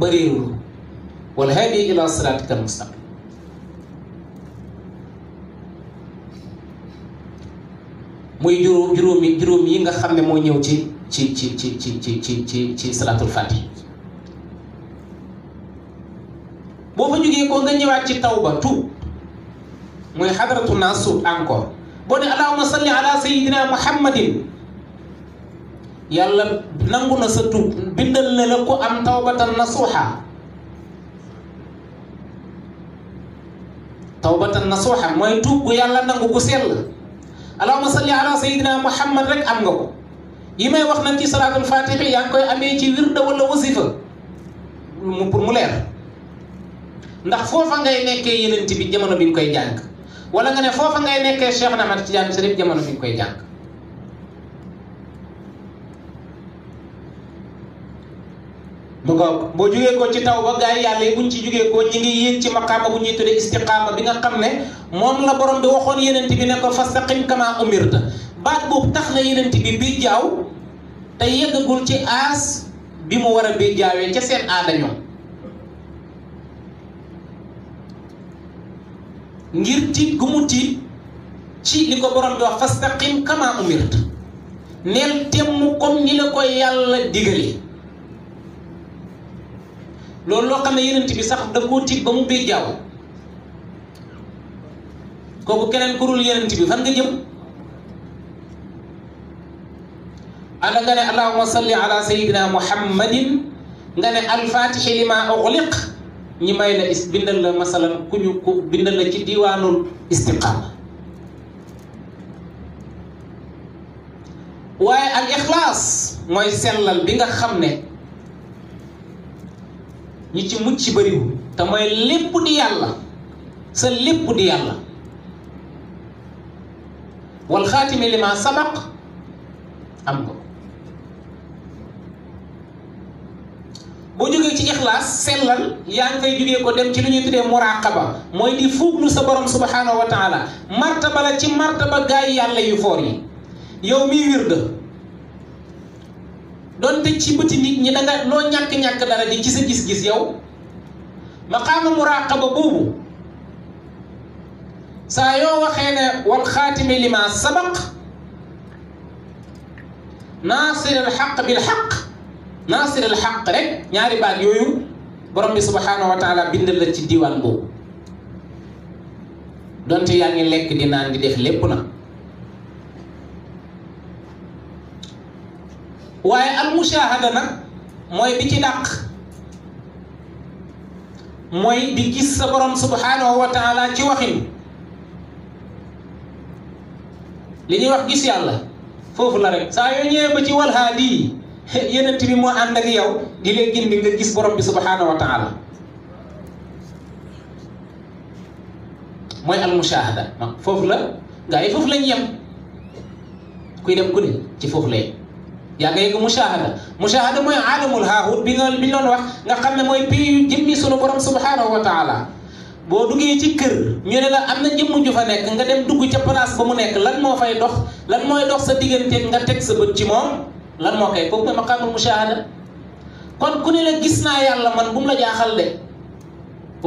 bëriwul. والهادي إلى صراطك المستقيم muy juróom juróomi juróom yi nga xam ne mooy ñëw ci ci ci ci ci ci ci ci ci salaatul fati boo fa jógee ko nga ñëwaat ci tawba tuub muy xadaratu naas suub encore boo ne allahumma salli ala sayidina muhammadin yàlla nangu na sa tuub bindal na la am tawbatan nasuuxa tawbatan nasuha mooy tuub gu yàlla na nangu gu sell allahumma salli ala sayyidina muhammad rek am nga ko yi may wax nañ ci salaatul faatihi yaa ngi koy amee ci wirda wala wasifa mu pour mu leer ndax foofa ngay nekkee yeneen bi jamono bi nga koy jàng wala nga ne foofa ngay nekkee Cheikh Ahmad Tidiane Chérif jamono bi nga koy jàng mu boo jugee ko ci taw ba gars yi yàlla yi buñ ci jugee ko ñi ngi yéen ci maqaama bu ñuy tuddee istiqaama bi nga xam ne moom la borom bi waxoon yenent bi ne ko fastaqim kama umirta baat boobu tax na yenent bi bi jaaw te yeggagul ci aas bi mu war a bi ca seen aada ñoom ngir tiit gu ci li ko borom bi wax fastaqim kama umirta neel temm comme ni la ko yàlla digale loolu lo xamne ne yonent bi sax da ko tit ba mu béy jaaw kooku keneen kurul yonent bi fan nga jëm ala ngane allahumma salli ala sayyidina muhammadin ngane al fatih lima ughliq ñi may la is bindal la masalan kuñu ko bindal la ci diwanul istiqaama waye al ikhlas moy selal bi nga xamne ñi ci mucc bëriwul te mooy lépp di yàlla sa lépp di yàlla wal xaatimi sabaq am ko boo jógee ci ixlaas sellal yaa ngi fay jógee ko dem ci lu ñuy tuddee muraqaba mooy di fuuglu sa borom subhanahu wa taala martaba la ci martaba gaay yàlla yu foor yi yow miy wirda donte ci bëti nit ñi da nga lo ñak ñak dara di ci sa gis-gis yow maqaama muraqaba boobu sa yo waxe ne wal lima sabaq nasir al haqq bil haqq nasir al haqq rek ñaari baat yoyu borom bi subhanahu wa taala bindal la ci diwan bu donte yaa ngi lek di naan di def lepp nak waye al mushahada nak moy bi ci dak moy di gis sa borom subhanahu wa taala ci waxin li ni wax gis yalla fofu la rek sa yo ñëwee ba ci wal hadi yenent bi mo and ak yow di gën bi nga gis borom bi subhanahu wa taala moy al mushahada fofu la gaay fofu lañ yam kuy dem ku ci fofu lay yaa nga yëg mushahada mushahada mooy alamul haahut bi nga bi ñu wax nga xam ne mooy pi jëmmi sunu borom subhanahu wa taala boo duggee ci kër ñu ne la am na jëmm ju fa nekk nga dem dugg ca place ba mu nekk lan moo fay dox lan mooy dox sa diggante nga teg sa bët ci moom lan moo koy kooku mooy maqaamul mushahada kon ku ne la gis naa yàlla man bu la jaaxal de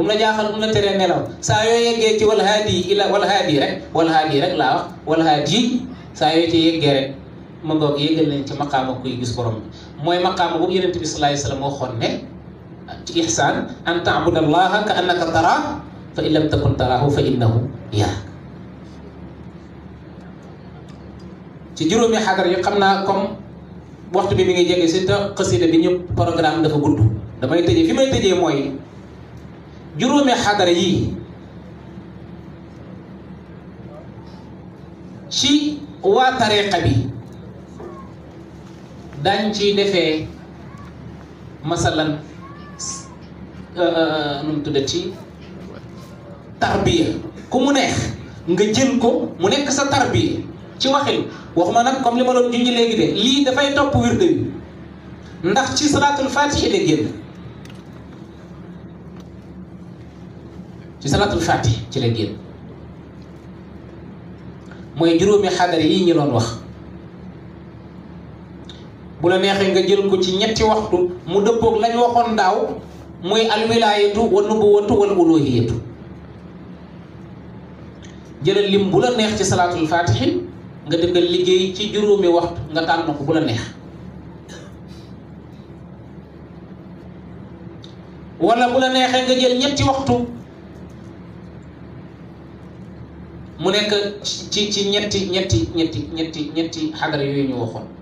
bu la jaaxal bu mu la teree nelaw saa yoo yeggee ci wal haadi ila wal haadi rek wal haadi rek laa wax wal saa yoo Iya ma ngok yegal nañ ci maqama kuy gis borom moy maqama maqaama bu yonent sallallahu alayhi wasallam waxoon ne ci ihsan an taabud allaha ka annaka tara fa illam takun tarahu fa innahu ya ci juromi xagar yu xamna kom waxtu bi mi ngi jégué ci ta qasida bi ñu programme dafa guddu damay tëjee fi may tëjee moy juromi xagar yi ci wa tariqa bi dañ ciy defee masalan euh, euh, euh, nu mu tudda ci tarbiya ku mu neex nga jël ko mu nekk sa tarbiya ci waxin waxuma nag comme li ma doon junj léegi de lii dafay topp wirde wi ndax ci salaatul faatihi la génn ci salaatul faatihi ci la génn mooy juróomi xadar yi ñu doon wax bu la neexee nga jël ko ci ñetti waxtu mu dëppoog lañ waxoon ndaaw muy alwilaayatu wa nubuwatu wal uluhiyatu jëlal lim bu la neex ci salaatul faatihi nga dëggal liggéey ci juróomi waxtu nga tànn ko bu la neex wala bu la neexee nga jël ñetti waxtu mu nekk ci ci ñetti ñetti ñetti ñetti ñetti xadara yooyu ñu waxoon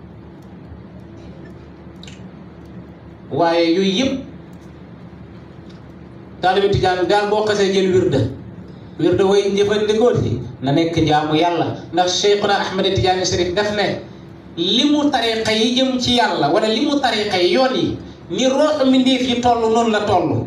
waaye yooyu yëpp taalibe tijaan daal boo xasee jël wirda wirda way jëfandikoo ci na nekk jaamu yàlla ndax Cheikhuna Ahmad Tijaani Sharif def ne li mu tariqa yi jëm ci yàlla wala li mu tariqa yi yoon yi ni roox mi ndéef yi toll noonu la toll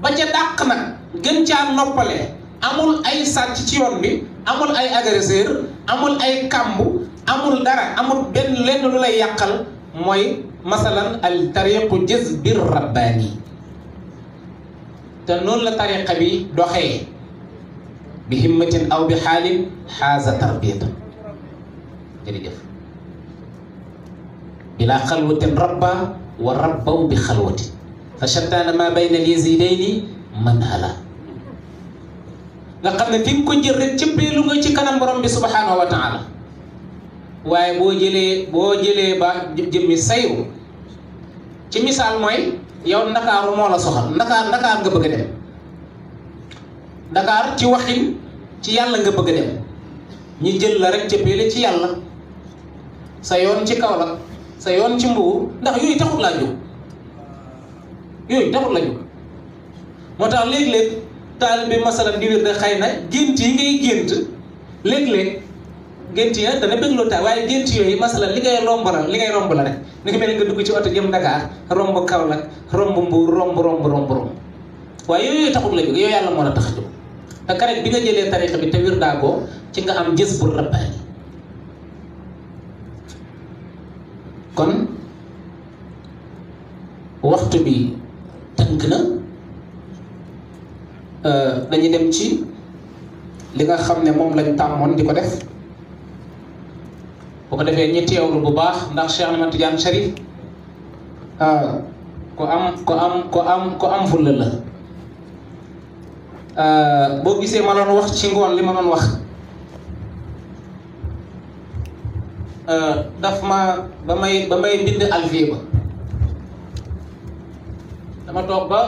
ba ca dàq nag gën caa noppale amul ay sàcc ci yoon bi amul ay agresseur amul ay kàmb amul dara amul benn lenn lu lay yàqal موي مثلا الطريق جز بالرباني تنول الطريق بي دوخي بهمة أو بحال حاز تربيط جريجف إلى خلوة ربا وربوا بخلوة فشتان ما بين اليزيدين من هلا لقد نتيم كنجر تبريلو غيتي كنا مرمي سبحانه وتعالى waye bo jele bo jele ba jëmmi sayu ci misal moy yow ndakaaru mo la soxal ndakaar ndakaar nga bëgg dem ndakaar ci waxin ci yalla nga bëgg dem ñi jël la rek pele ci yalla sa yoon ci kawla sa yoon ci mbu ndax yoy taxut la ñu yoy taxut la ñu motax leg leg léeg bi masalan di wir de xeyna genti ngay gent leg leg gentiya ya dana bégloo ta way gént yooyu masala li ngay romb la li ngay romb la rek ni ko melni nga dugg ci auto jëm Dakar kaw nak rombo Mbour rombo rombo rombo romb waaye yooyu taxul la yoy yalla mo la tax jóg te karet bi nga jëlee tarixa bi te wir go ci nga am jës bu rabbaani kon waxtu bi tank na dañu dem ci li nga xamne ne moom lañ tàmmoon di def ko ko defee ñi teewlu bu baax ndax cheikh ahmad tidiane sharif ko am ko am ko am ko am fulla la bo gisé ma lañ wax ci ngoon li ma lañ wax daf ma ba may ba may bind alfie ba dama tok ba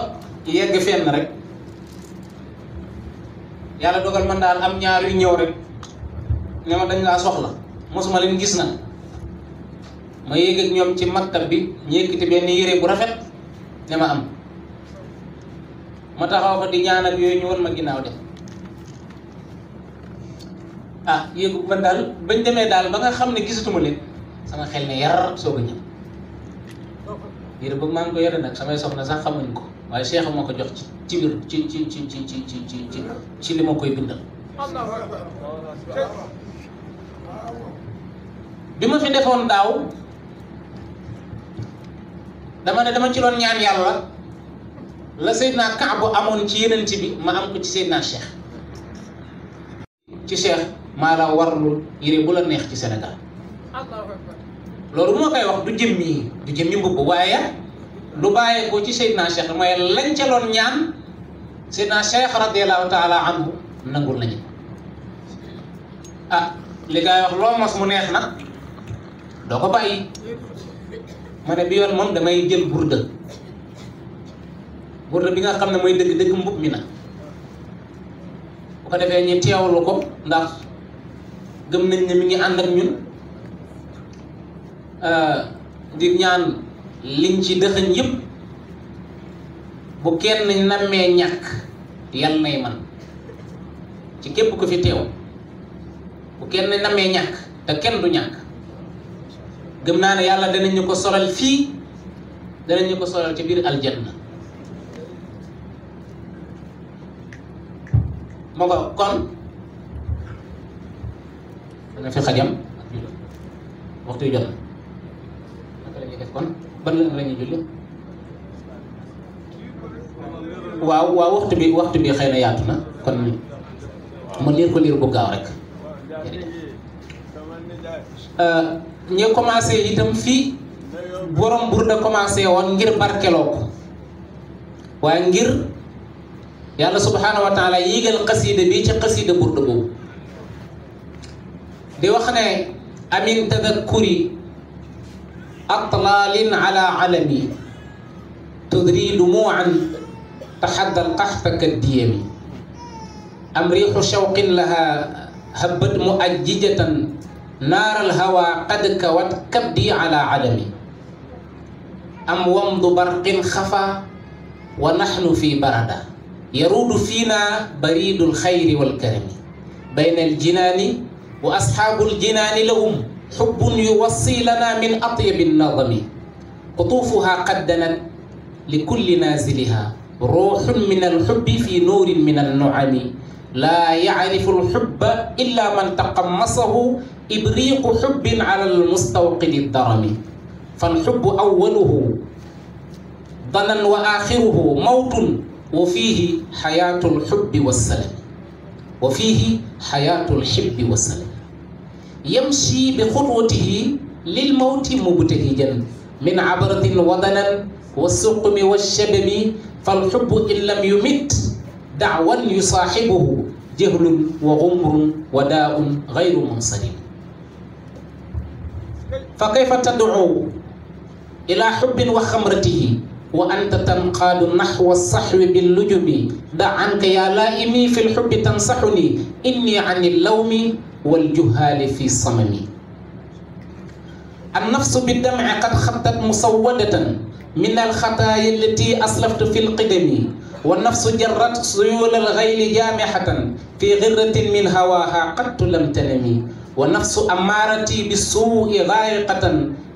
yegg fenn rek yalla dogal man dal am ñaar yu ñew rek ñama dañ la soxla mosuma leen gis na ma yegg ak ñom ci maktab bi ñu yëkkati benn yére bu rafet ne ma am ma taxaw fa di ñaan ak yoy ñu won ma ginaaw de ah yéegu ban dal bañ demee dal ba nga xam ne gisatuma leen sama xel ne yar soog a ñëw yére boobu maa ngi ko yore nag samay soxna sax xamuñ ko way cheikh mako jox ci ci biir ci ci ci ci ci ci ci ci li ma koy bindal bima fi defoon daw dama ne dama ci don ñaan yalla la sayyidna Kaabu amoon ci yeneen ci bi ma am ko ci sayyidna Cheikh ci Cheikh maa la warlu yere bu la neex ci senegal loolu moo koy wax du jëmmi du jëmmi mbubb waaye lu bàyyee ko ci sayyidna Cheikh mooy lañ ci doon ñaan sayyidna Cheikh radiallahu taala anhu nangul nañu ah li gay wax lo mas mu neex nak doo ko bàyyi ma bi yoon moom damay jël burda burda bi nga xam ne mooy dëgg dëgg mbub mi na bu ko defee ñu teewlu ko ndax gëm nañ ne mi ngi ànd ak ñun euh, di ñaan liñ ci dëxëñ yépp bu kenn nammee ñàkk yal nay man ci képp ko fi teew bu kenn nammee ñàkk te kenn du ñàkk gëm naa ne yàlla danañ ko solal fii danañ ko solal ci biir aljanna moo ko kon waaw waaw waxtu bi waxtu bi xëy yaatu na kon ma liir ko liir bu gaaw rek ñu commencé itam fii borom burda commencé woon ngir barkeloo ko waaye ngir yàlla subhaanahu wa taala yéegal xasiida bi ci xasiida burda boobu di wax ne amin tadakkuri atlaalin ala alami tudri dumuan taxaddal qaxtaka diyami am riixu shawqin laha habat mu نار الهوى قد كوت كبدي على عدمي أم ومض برق خفى ونحن في بردة يرود فينا بريد الخير والكرم بين الجنان وأصحاب الجنان لهم حب يوصي لنا من أطيب النظم قطوفها قد دنت لكل نازلها روح من الحب في نور من النعم لا يعرف الحب إلا من تقمصه إبريق حب على المستوقد الدرم فالحب أوله ظنا وآخره موت وفيه حياة الحب والسلام وفيه حياة الحب والسلام يمشي بخطوته للموت مبتهجا من عبرة وضنا والسقم والشبم فالحب إن لم يمت دعوا يصاحبه جهل وغمر وداء غير منصرم فكيف تدعو إلى حب وخمرته وأنت تنقاد نحو الصحو باللجم دع عنك يا لائمي في الحب تنصحني إني عن اللوم والجهال في صممي النفس بالدمع قد خطت مسودة من الخطايا التي أسلفت في القدم والنفس جرت سيول الغيل جامحة في غرة من هواها قد لم تنمي ونفس أمارتي بالسوء غائقة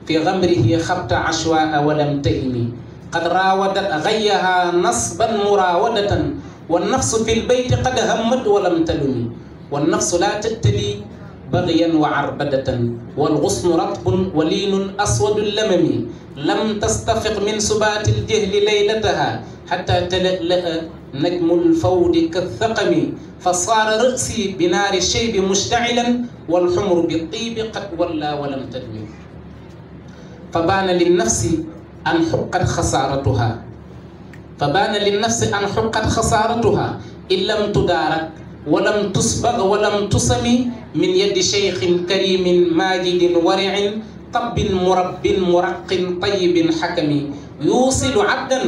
في غمره خبت عشواء ولم تهمي قد راودت غيها نصبا مراودة والنفس في البيت قد همت ولم تلمي والنفس لا تتلي بغيا وعربدة والغصن رطب ولين أسود اللمم لم تستفق من سبات الجهل ليلتها حتى تلألأ نجم الفود كالثقم فصار رأسي بنار الشيب مشتعلا والحمر بالطيب قد ولا ولم تدم فبان للنفس أن حقت خسارتها فبان للنفس أن حقت خسارتها إن لم تدارك ولم تسبغ ولم تسم من يد شيخ كريم ماجد ورع طب مرب مرق طيب حكم يوصل عبدا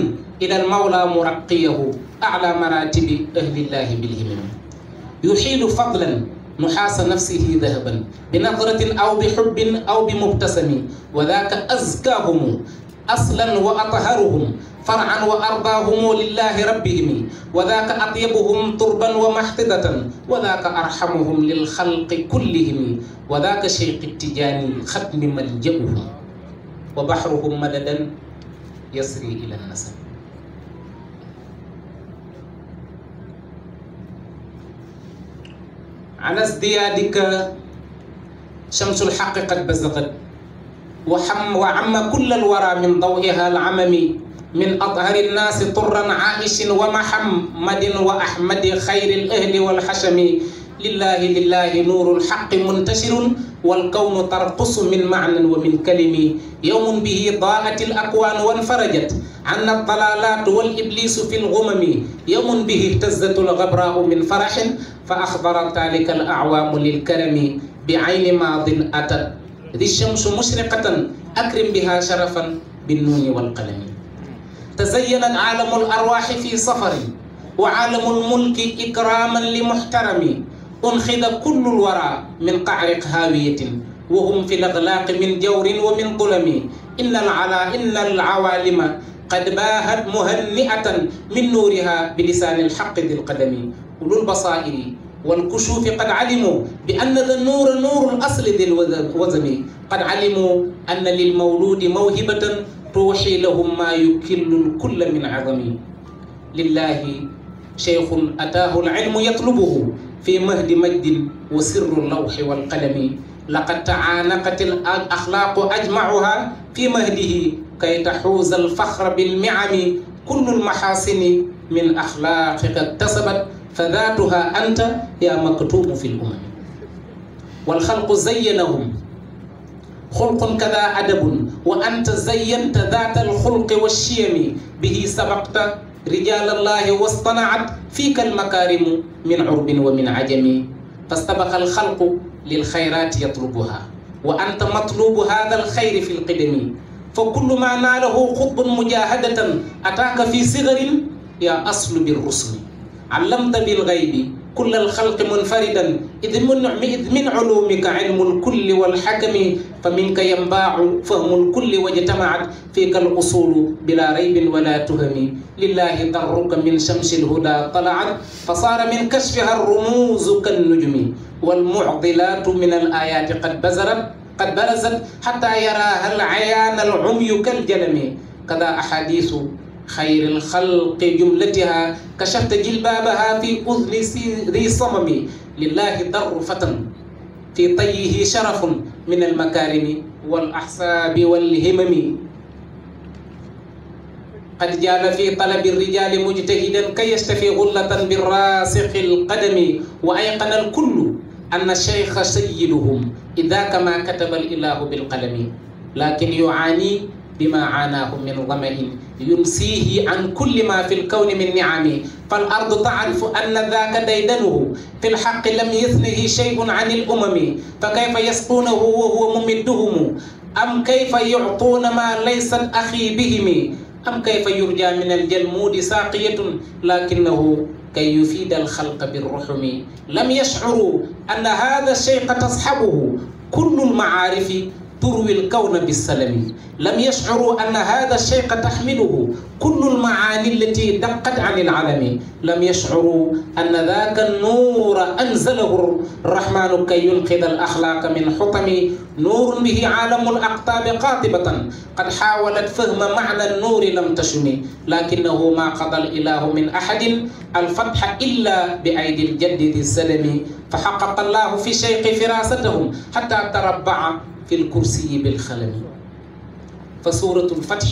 إلى المولى مرقيه أعلى مراتب أهل الله بالهمم يحيل فضلا نحاس نفسه ذهبا بنظرة أو بحب أو بمبتسم وذاك أزكاهم أصلا وأطهرهم فرعا وأرضاهم لله ربهم وذاك أطيبهم تربا ومحتدة وذاك أرحمهم للخلق كلهم وذاك شيخ التجان ختم ملجأهم وبحرهم مددا يسري إلى النسب على ازديادك شمس الحق قد بزغت وحم وعم كل الورى من ضوئها العمم من أطهر الناس طرا عائش ومحمد وأحمد خير الأهل والحشم لله لله نور الحق منتشر والكون ترقص من معنى ومن كلم يوم به ضاءت الأكوان وانفرجت عنا الضلالات والإبليس في الغمم يوم به اهتزت الغبراء من فرح فأخبر ذلك الأعوام للكرم بعين ماض أتت ذي الشمس مشرقة أكرم بها شرفا بالنون والقلم تزين عالم الأرواح في سفر وعالم الملك إكراما لمحترم أنخذ كل الورى من قعر هاوية وهم في الأغلاق من جور ومن ظلم إن العلا إن العوالم قد باهت مهنئة من نورها بلسان الحق ذي القدم أولو البصائر والكشوف قد علموا بأن ذا النور نور الأصل ذي الوزم قد علموا أن للمولود موهبة توحي لهم ما يكل الكل من عظم لله شيخ أتاه العلم يطلبه في مهد مجد وسر اللوح والقلم لقد تعانقت الأخلاق أجمعها في مهده كي تحوز الفخر بالمعم كل المحاسن من أخلاقك اكتسبت فذاتها أنت يا مكتوب في الأمم والخلق زينهم خلق كذا أدب وأنت زينت ذات الخلق والشيم به سبقت رجال الله واصطنعت فيك المكارم من عرب ومن عجم فاستبق الخلق للخيرات يطلبها وأنت مطلوب هذا الخير في القدم فكل ما ناله قطب مجاهدة أتاك في صغر يا أصل بالرسل علمت بالغيب كل الخلق منفردا إذ من, إذ من علومك علم الكل والحكم فمنك ينباع فهم الكل واجتمعت فيك الأصول بلا ريب ولا تهم لله درك من شمس الهدى طلعت فصار من كشفها الرموز كالنجم والمعضلات من الآيات قد بزرت قد برزت حتى يراها العيان العمي كالجلم كذا أحاديث خير الخلق جملتها كشفت جلبابها في أذن ذي صمم لله ضرفة في طيه شرف من المكارم والأحساب والهمم قد جاب في طلب الرجال مجتهدا كي يشتفي غلة بالراسخ القدم وأيقن الكل أن الشيخ سيدهم إذا كما كتب الإله بالقلم لكن يعاني بما عاناه من ظمأ يمسيه عن كل ما في الكون من نعم فالأرض تعرف أن ذاك ديدنه في الحق لم يثنه شيء عن الأمم فكيف يسقونه وهو ممدهم أم كيف يعطون ما ليس الأخي بهم أم كيف يرجى من الجلمود ساقية لكنه كي يفيد الخلق بالرحم لم يشعروا أن هذا الشيء قد تصحبه كل المعارف تروي الكون بالسلم لم يشعروا أن هذا الشيء قد تحمله كل المعاني التي دقت عن العالم لم يشعروا أن ذاك النور أنزله الرحمن كي ينقذ الأخلاق من حطم نور به عالم الأقطاب قاطبة قد حاولت فهم معنى النور لم تشم لكنه ما قضى الإله من أحد الفتح إلا بأيدي الجد ذي السلم فحقق الله في شيخ فراستهم حتى تربع الكرسي بالخلم فسورة الفتح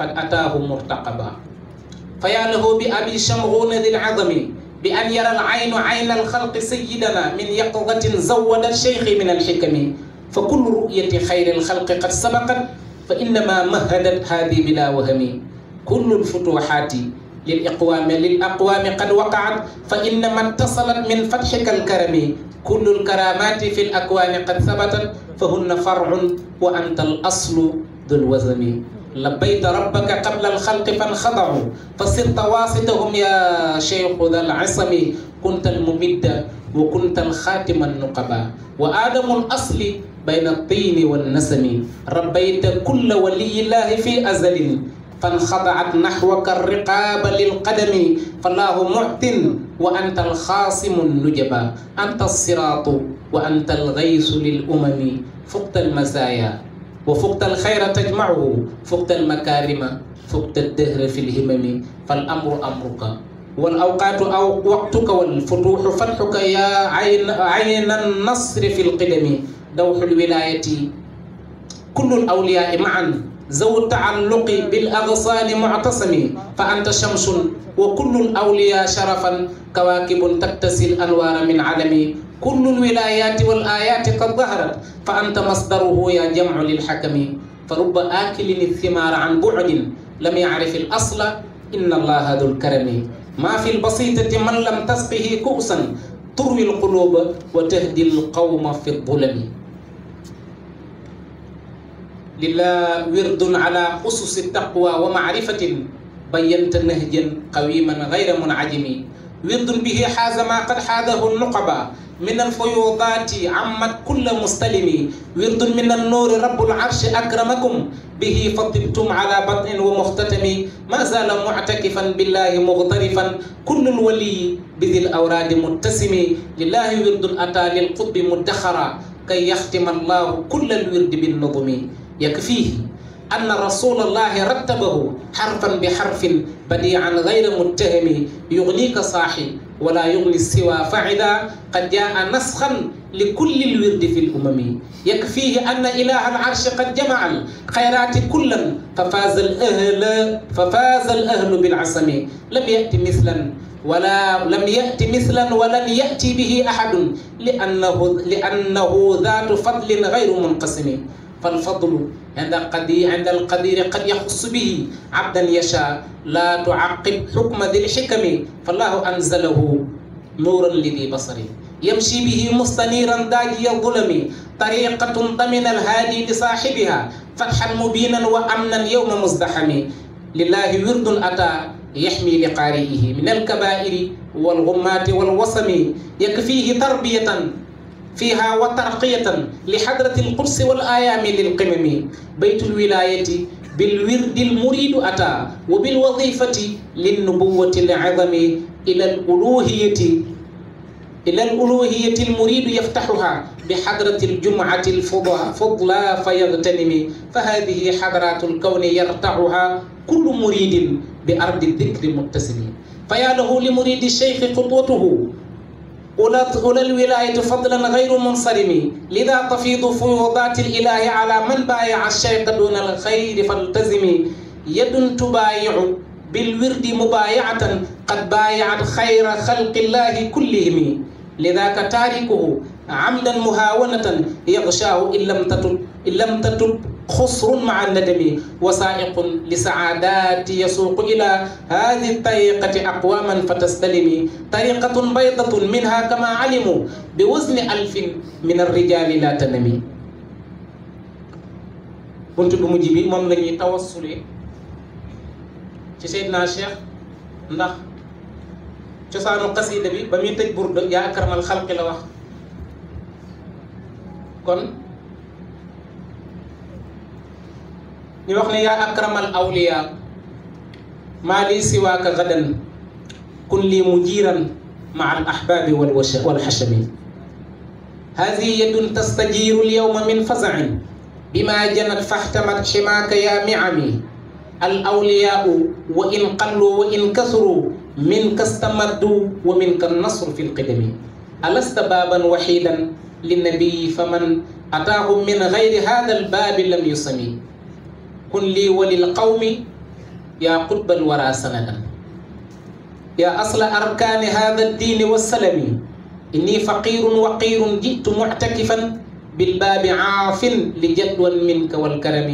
قد أتاه مرتقبا فيا له بأبي شمغون ذي العظم بأن يرى العين عين الخلق سيدنا من يقظة زود الشيخ من الحكم فكل رؤية خير الخلق قد سبقت فإنما مهدت هذه بلا وهم كل الفتوحات للإقوام للأقوام قد وقعت فإن من اتصلت من فتحك الكرم كل الكرامات في الأكوان قد ثبتت فهن فرع وأنت الأصل ذو الوزن لبيت ربك قبل الخلق فانخضعوا فصرت واسطهم يا شيخ ذا العصم كنت الممد وكنت الخاتم النقبا وآدم الأصل بين الطين والنسم ربيت كل ولي الله في أزل فانخضعت نحوك الرقاب للقدم فالله معتن وأنت الخاصم النجبا أنت الصراط وأنت الغيث للأمم فقت المزايا وفقت الخير تجمعه فقت المكارم فقت الدهر في الهمم فالأمر أمرك والأوقات أو وقتك والفتوح فتحك يا عين, عين النصر في القدم دوح الولاية كل الأولياء معا ذو التعلق بالأغصان معتصم فأنت شمس وكل الأولياء شرفا كواكب تكتسي الأنوار من عدم كل الولايات والآيات قد ظهرت فأنت مصدره يا جمع للحكم فرب آكل الثمار عن بعد لم يعرف الأصل إن الله ذو الكرم ما في البسيطة من لم تسقه كؤسا تروي القلوب وتهدي القوم في الظلم لله ورد على أسس التقوى ومعرفة بينت نهجا قويما غير منعدم ورد به حاز ما قد حاذه النقبة من الفيوضات عمت كل مستلم ورد من النور رب العرش أكرمكم به فطبتم على بطن ومختتم ما زال معتكفا بالله مغترفا كل الولي بذي الأوراد متسم لله ورد أتى للقطب مدخرا كي يختم الله كل الورد بالنظم يكفيه أن رسول الله رتبه حرفا بحرف بديعا غير متهم يغنيك صاحي ولا يغني سوى فعذا قد جاء نسخا لكل الورد في الأمم يكفيه أن إله العرش قد جمع الخيرات كلا ففاز الأهل ففاز الأهل بالعصم لم يأت مثلا ولا لم يأت مثلا ولن يأتي به أحد لأنه لأنه ذات فضل غير منقسم فالفضل عند القدير عند القدير قد يخص به عبدا يشاء لا تعقب حكم ذي الحكم فالله أنزله نورا لذي بصر يمشي به مستنيرا داجي الظلم طريقة ضمن الهادي لصاحبها فتحا مبينا وأمنا يوم مزدحم لله ورد أتى يحمي لقارئه من الكبائر والغمات والوصم يكفيه تربية فيها وترقية لحضرة القرص والآيام للقمم بيت الولاية بالورد المريد أتى وبالوظيفة للنبوة العظم إلى الألوهية إلى الألوهية المريد يفتحها بحضرة الجمعة الفضلى فيغتنم فهذه حضرات الكون يرتعها كل مريد بأرض الذكر متسم فيا له لمريد الشيخ خطوته أولى الولاية فضلا غير منصرم لذا تفيض فيوضات الإله على من بايع الشيخ دون الخير فالتزم يد تبايع بالورد مبايعة قد بايعت خير خلق الله كلهم لذاك تاركه عمدا مهاونة يغشاه إن لم تتب ilam tatub khusrun ma'an nadami wasa'iqun li sa'adati yasuqu ila hadhi tariqati aqwaman fatastalimi tariqatun baydatun minha kama alimu bi wazni alfin min ar-rijali la tanami buntu bu mujibi mom lañuy tawassulé ci sayyidna cheikh ndax ci saanu qasida bi bamuy tej burdu ya akramal khalqi la wax kon ñu wax ne yaa akramal awliya maa lii siwaaka gadan kun lii mujiiran maa al ahbaabi wal xashami هذه يد تستجير اليوم من فزع بما جنت فاحتمت شماك يا معمي الأولياء وإن قلوا وإن كثروا منك استمدوا ومنك النصر في القدم ألست بابا وحيدا للنبي فمن أتاهم من غير هذا الباب لم يسمي كن لي وللقوم يا قطب الورى سندا يا أصل أركان هذا الدين والسلم إني فقير وقير جئت معتكفا بالباب عاف لجدول منك والكرم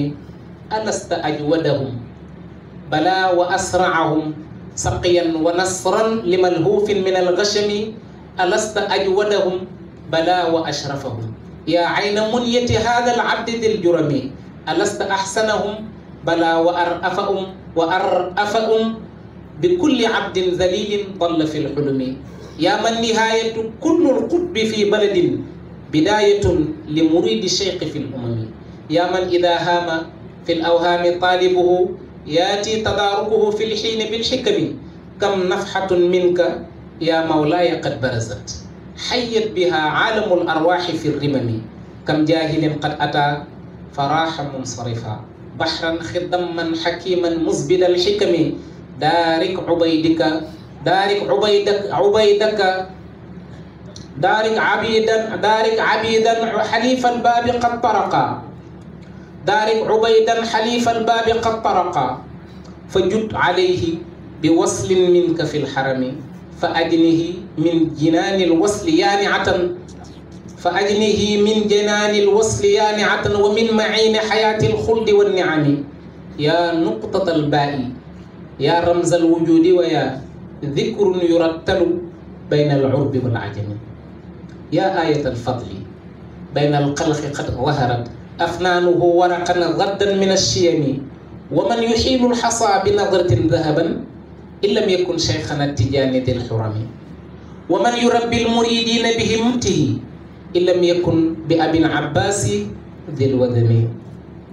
ألست أجودهم بلا وأسرعهم سقيا ونصرا لملهوف من الغشم ألست أجودهم بلا وأشرفهم يا عين منية هذا العبد ذي الجرم ألست أحسنهم بلى وأرأفهم وأرأفهم بكل عبد ذليل ضل في الحلم يا من نهاية كل القطب في بلد بداية لمريد الشيخ في الأمم يا من إذا هام في الأوهام طالبه ياتي تداركه في الحين بالحكم كم نفحة منك يا مولاي قد برزت حيت بها عالم الأرواح في الرمم كم جاهل قد أتى فراحا منصرفا بحرا خضما حكيما مزبل الحكم دارك عبيدك دارك عبيدك عبيدك دارك عبيدا دارك عبيدا حليف الباب قد طرقا دارك عبيدا حليف الباب قد طرقا فجد عليه بوصل منك في الحرم فأدنه من جنان الوصل يانعة فأجنه من جنان الوصل يانعة ومن معين حياة الخلد والنعم يا نقطة الباء يا رمز الوجود ويا ذكر يرتل بين العرب والعجم يا آية الفضل بين القلق قد ظهرت أفنانه ورقا غدا من الشيم ومن يحيل الحصى بنظرة ذهبا إن لم يكن شيخنا التجاني ذي الحرم ومن يربي المريدين بهمته إن لم يكن بأبي العباس ذي الوذم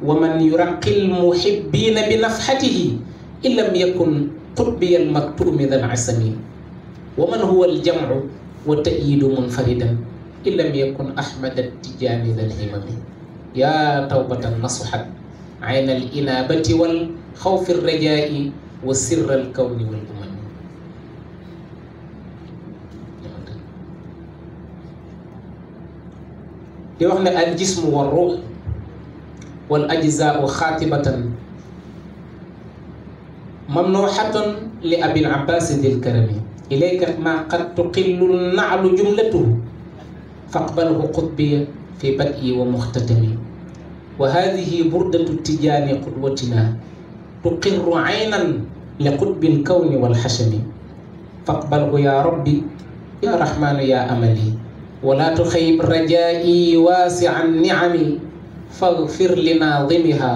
ومن يرقي المحبين بنفحته إن لم يكن قطبي المكتوم ذا العسم ومن هو الجمع والتأييد منفردا إن لم يكن أحمد التجان ذا الهمم يا توبة النصحة عين الإنابة والخوف الرجاء وسر الكون والأمم يوحنا الجسم والروح والأجزاء خاتمه ممنوحة لأبي العباس ذي الكرم إليك ما قد تقل النعل جملته فاقبله قطبي في بدء ومختتم وهذه بردة التجان قدوتنا تقر عينا لقطب الكون والحشم فاقبله يا ربي يا رحمن يا أملي ولا تخيب رجائي واسع النعم فاغفر لناظمها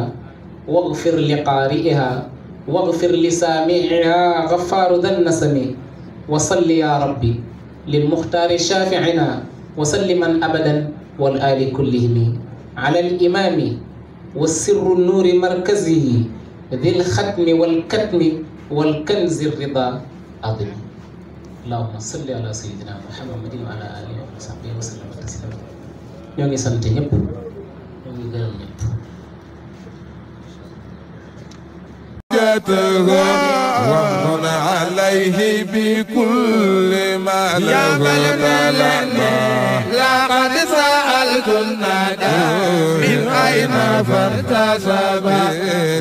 واغفر لقارئها واغفر لسامعها غفار ذا النسم وصل يا ربي للمختار شافعنا وسلما أبدا والآل كلهم على الإمام والسر النور مركزه ذي الختم والكتم والكنز الرضا عظيم allahumma salli ala sayyidina muhammadin wa ala alihi wa sahbihi wa sallam taslima ñoo ngi sant ñëpp ñoo ngi gërëm ñëpp جاتها وهم عليه بكل يا بلنا لنا لقد سألت الندى من أين فارتسب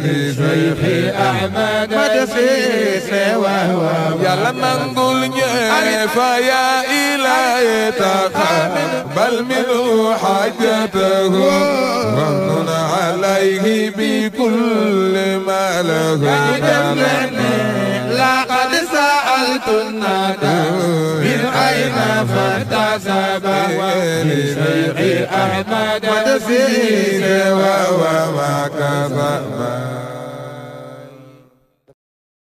لشيخ أحمد مدسيس وهو يا لمن ظلني فيا إلهي تقبل منه حاجته ومن عليه بكل ما له سألت الندى من أين فاحتسب وفي شيخ أحمد فيه وهو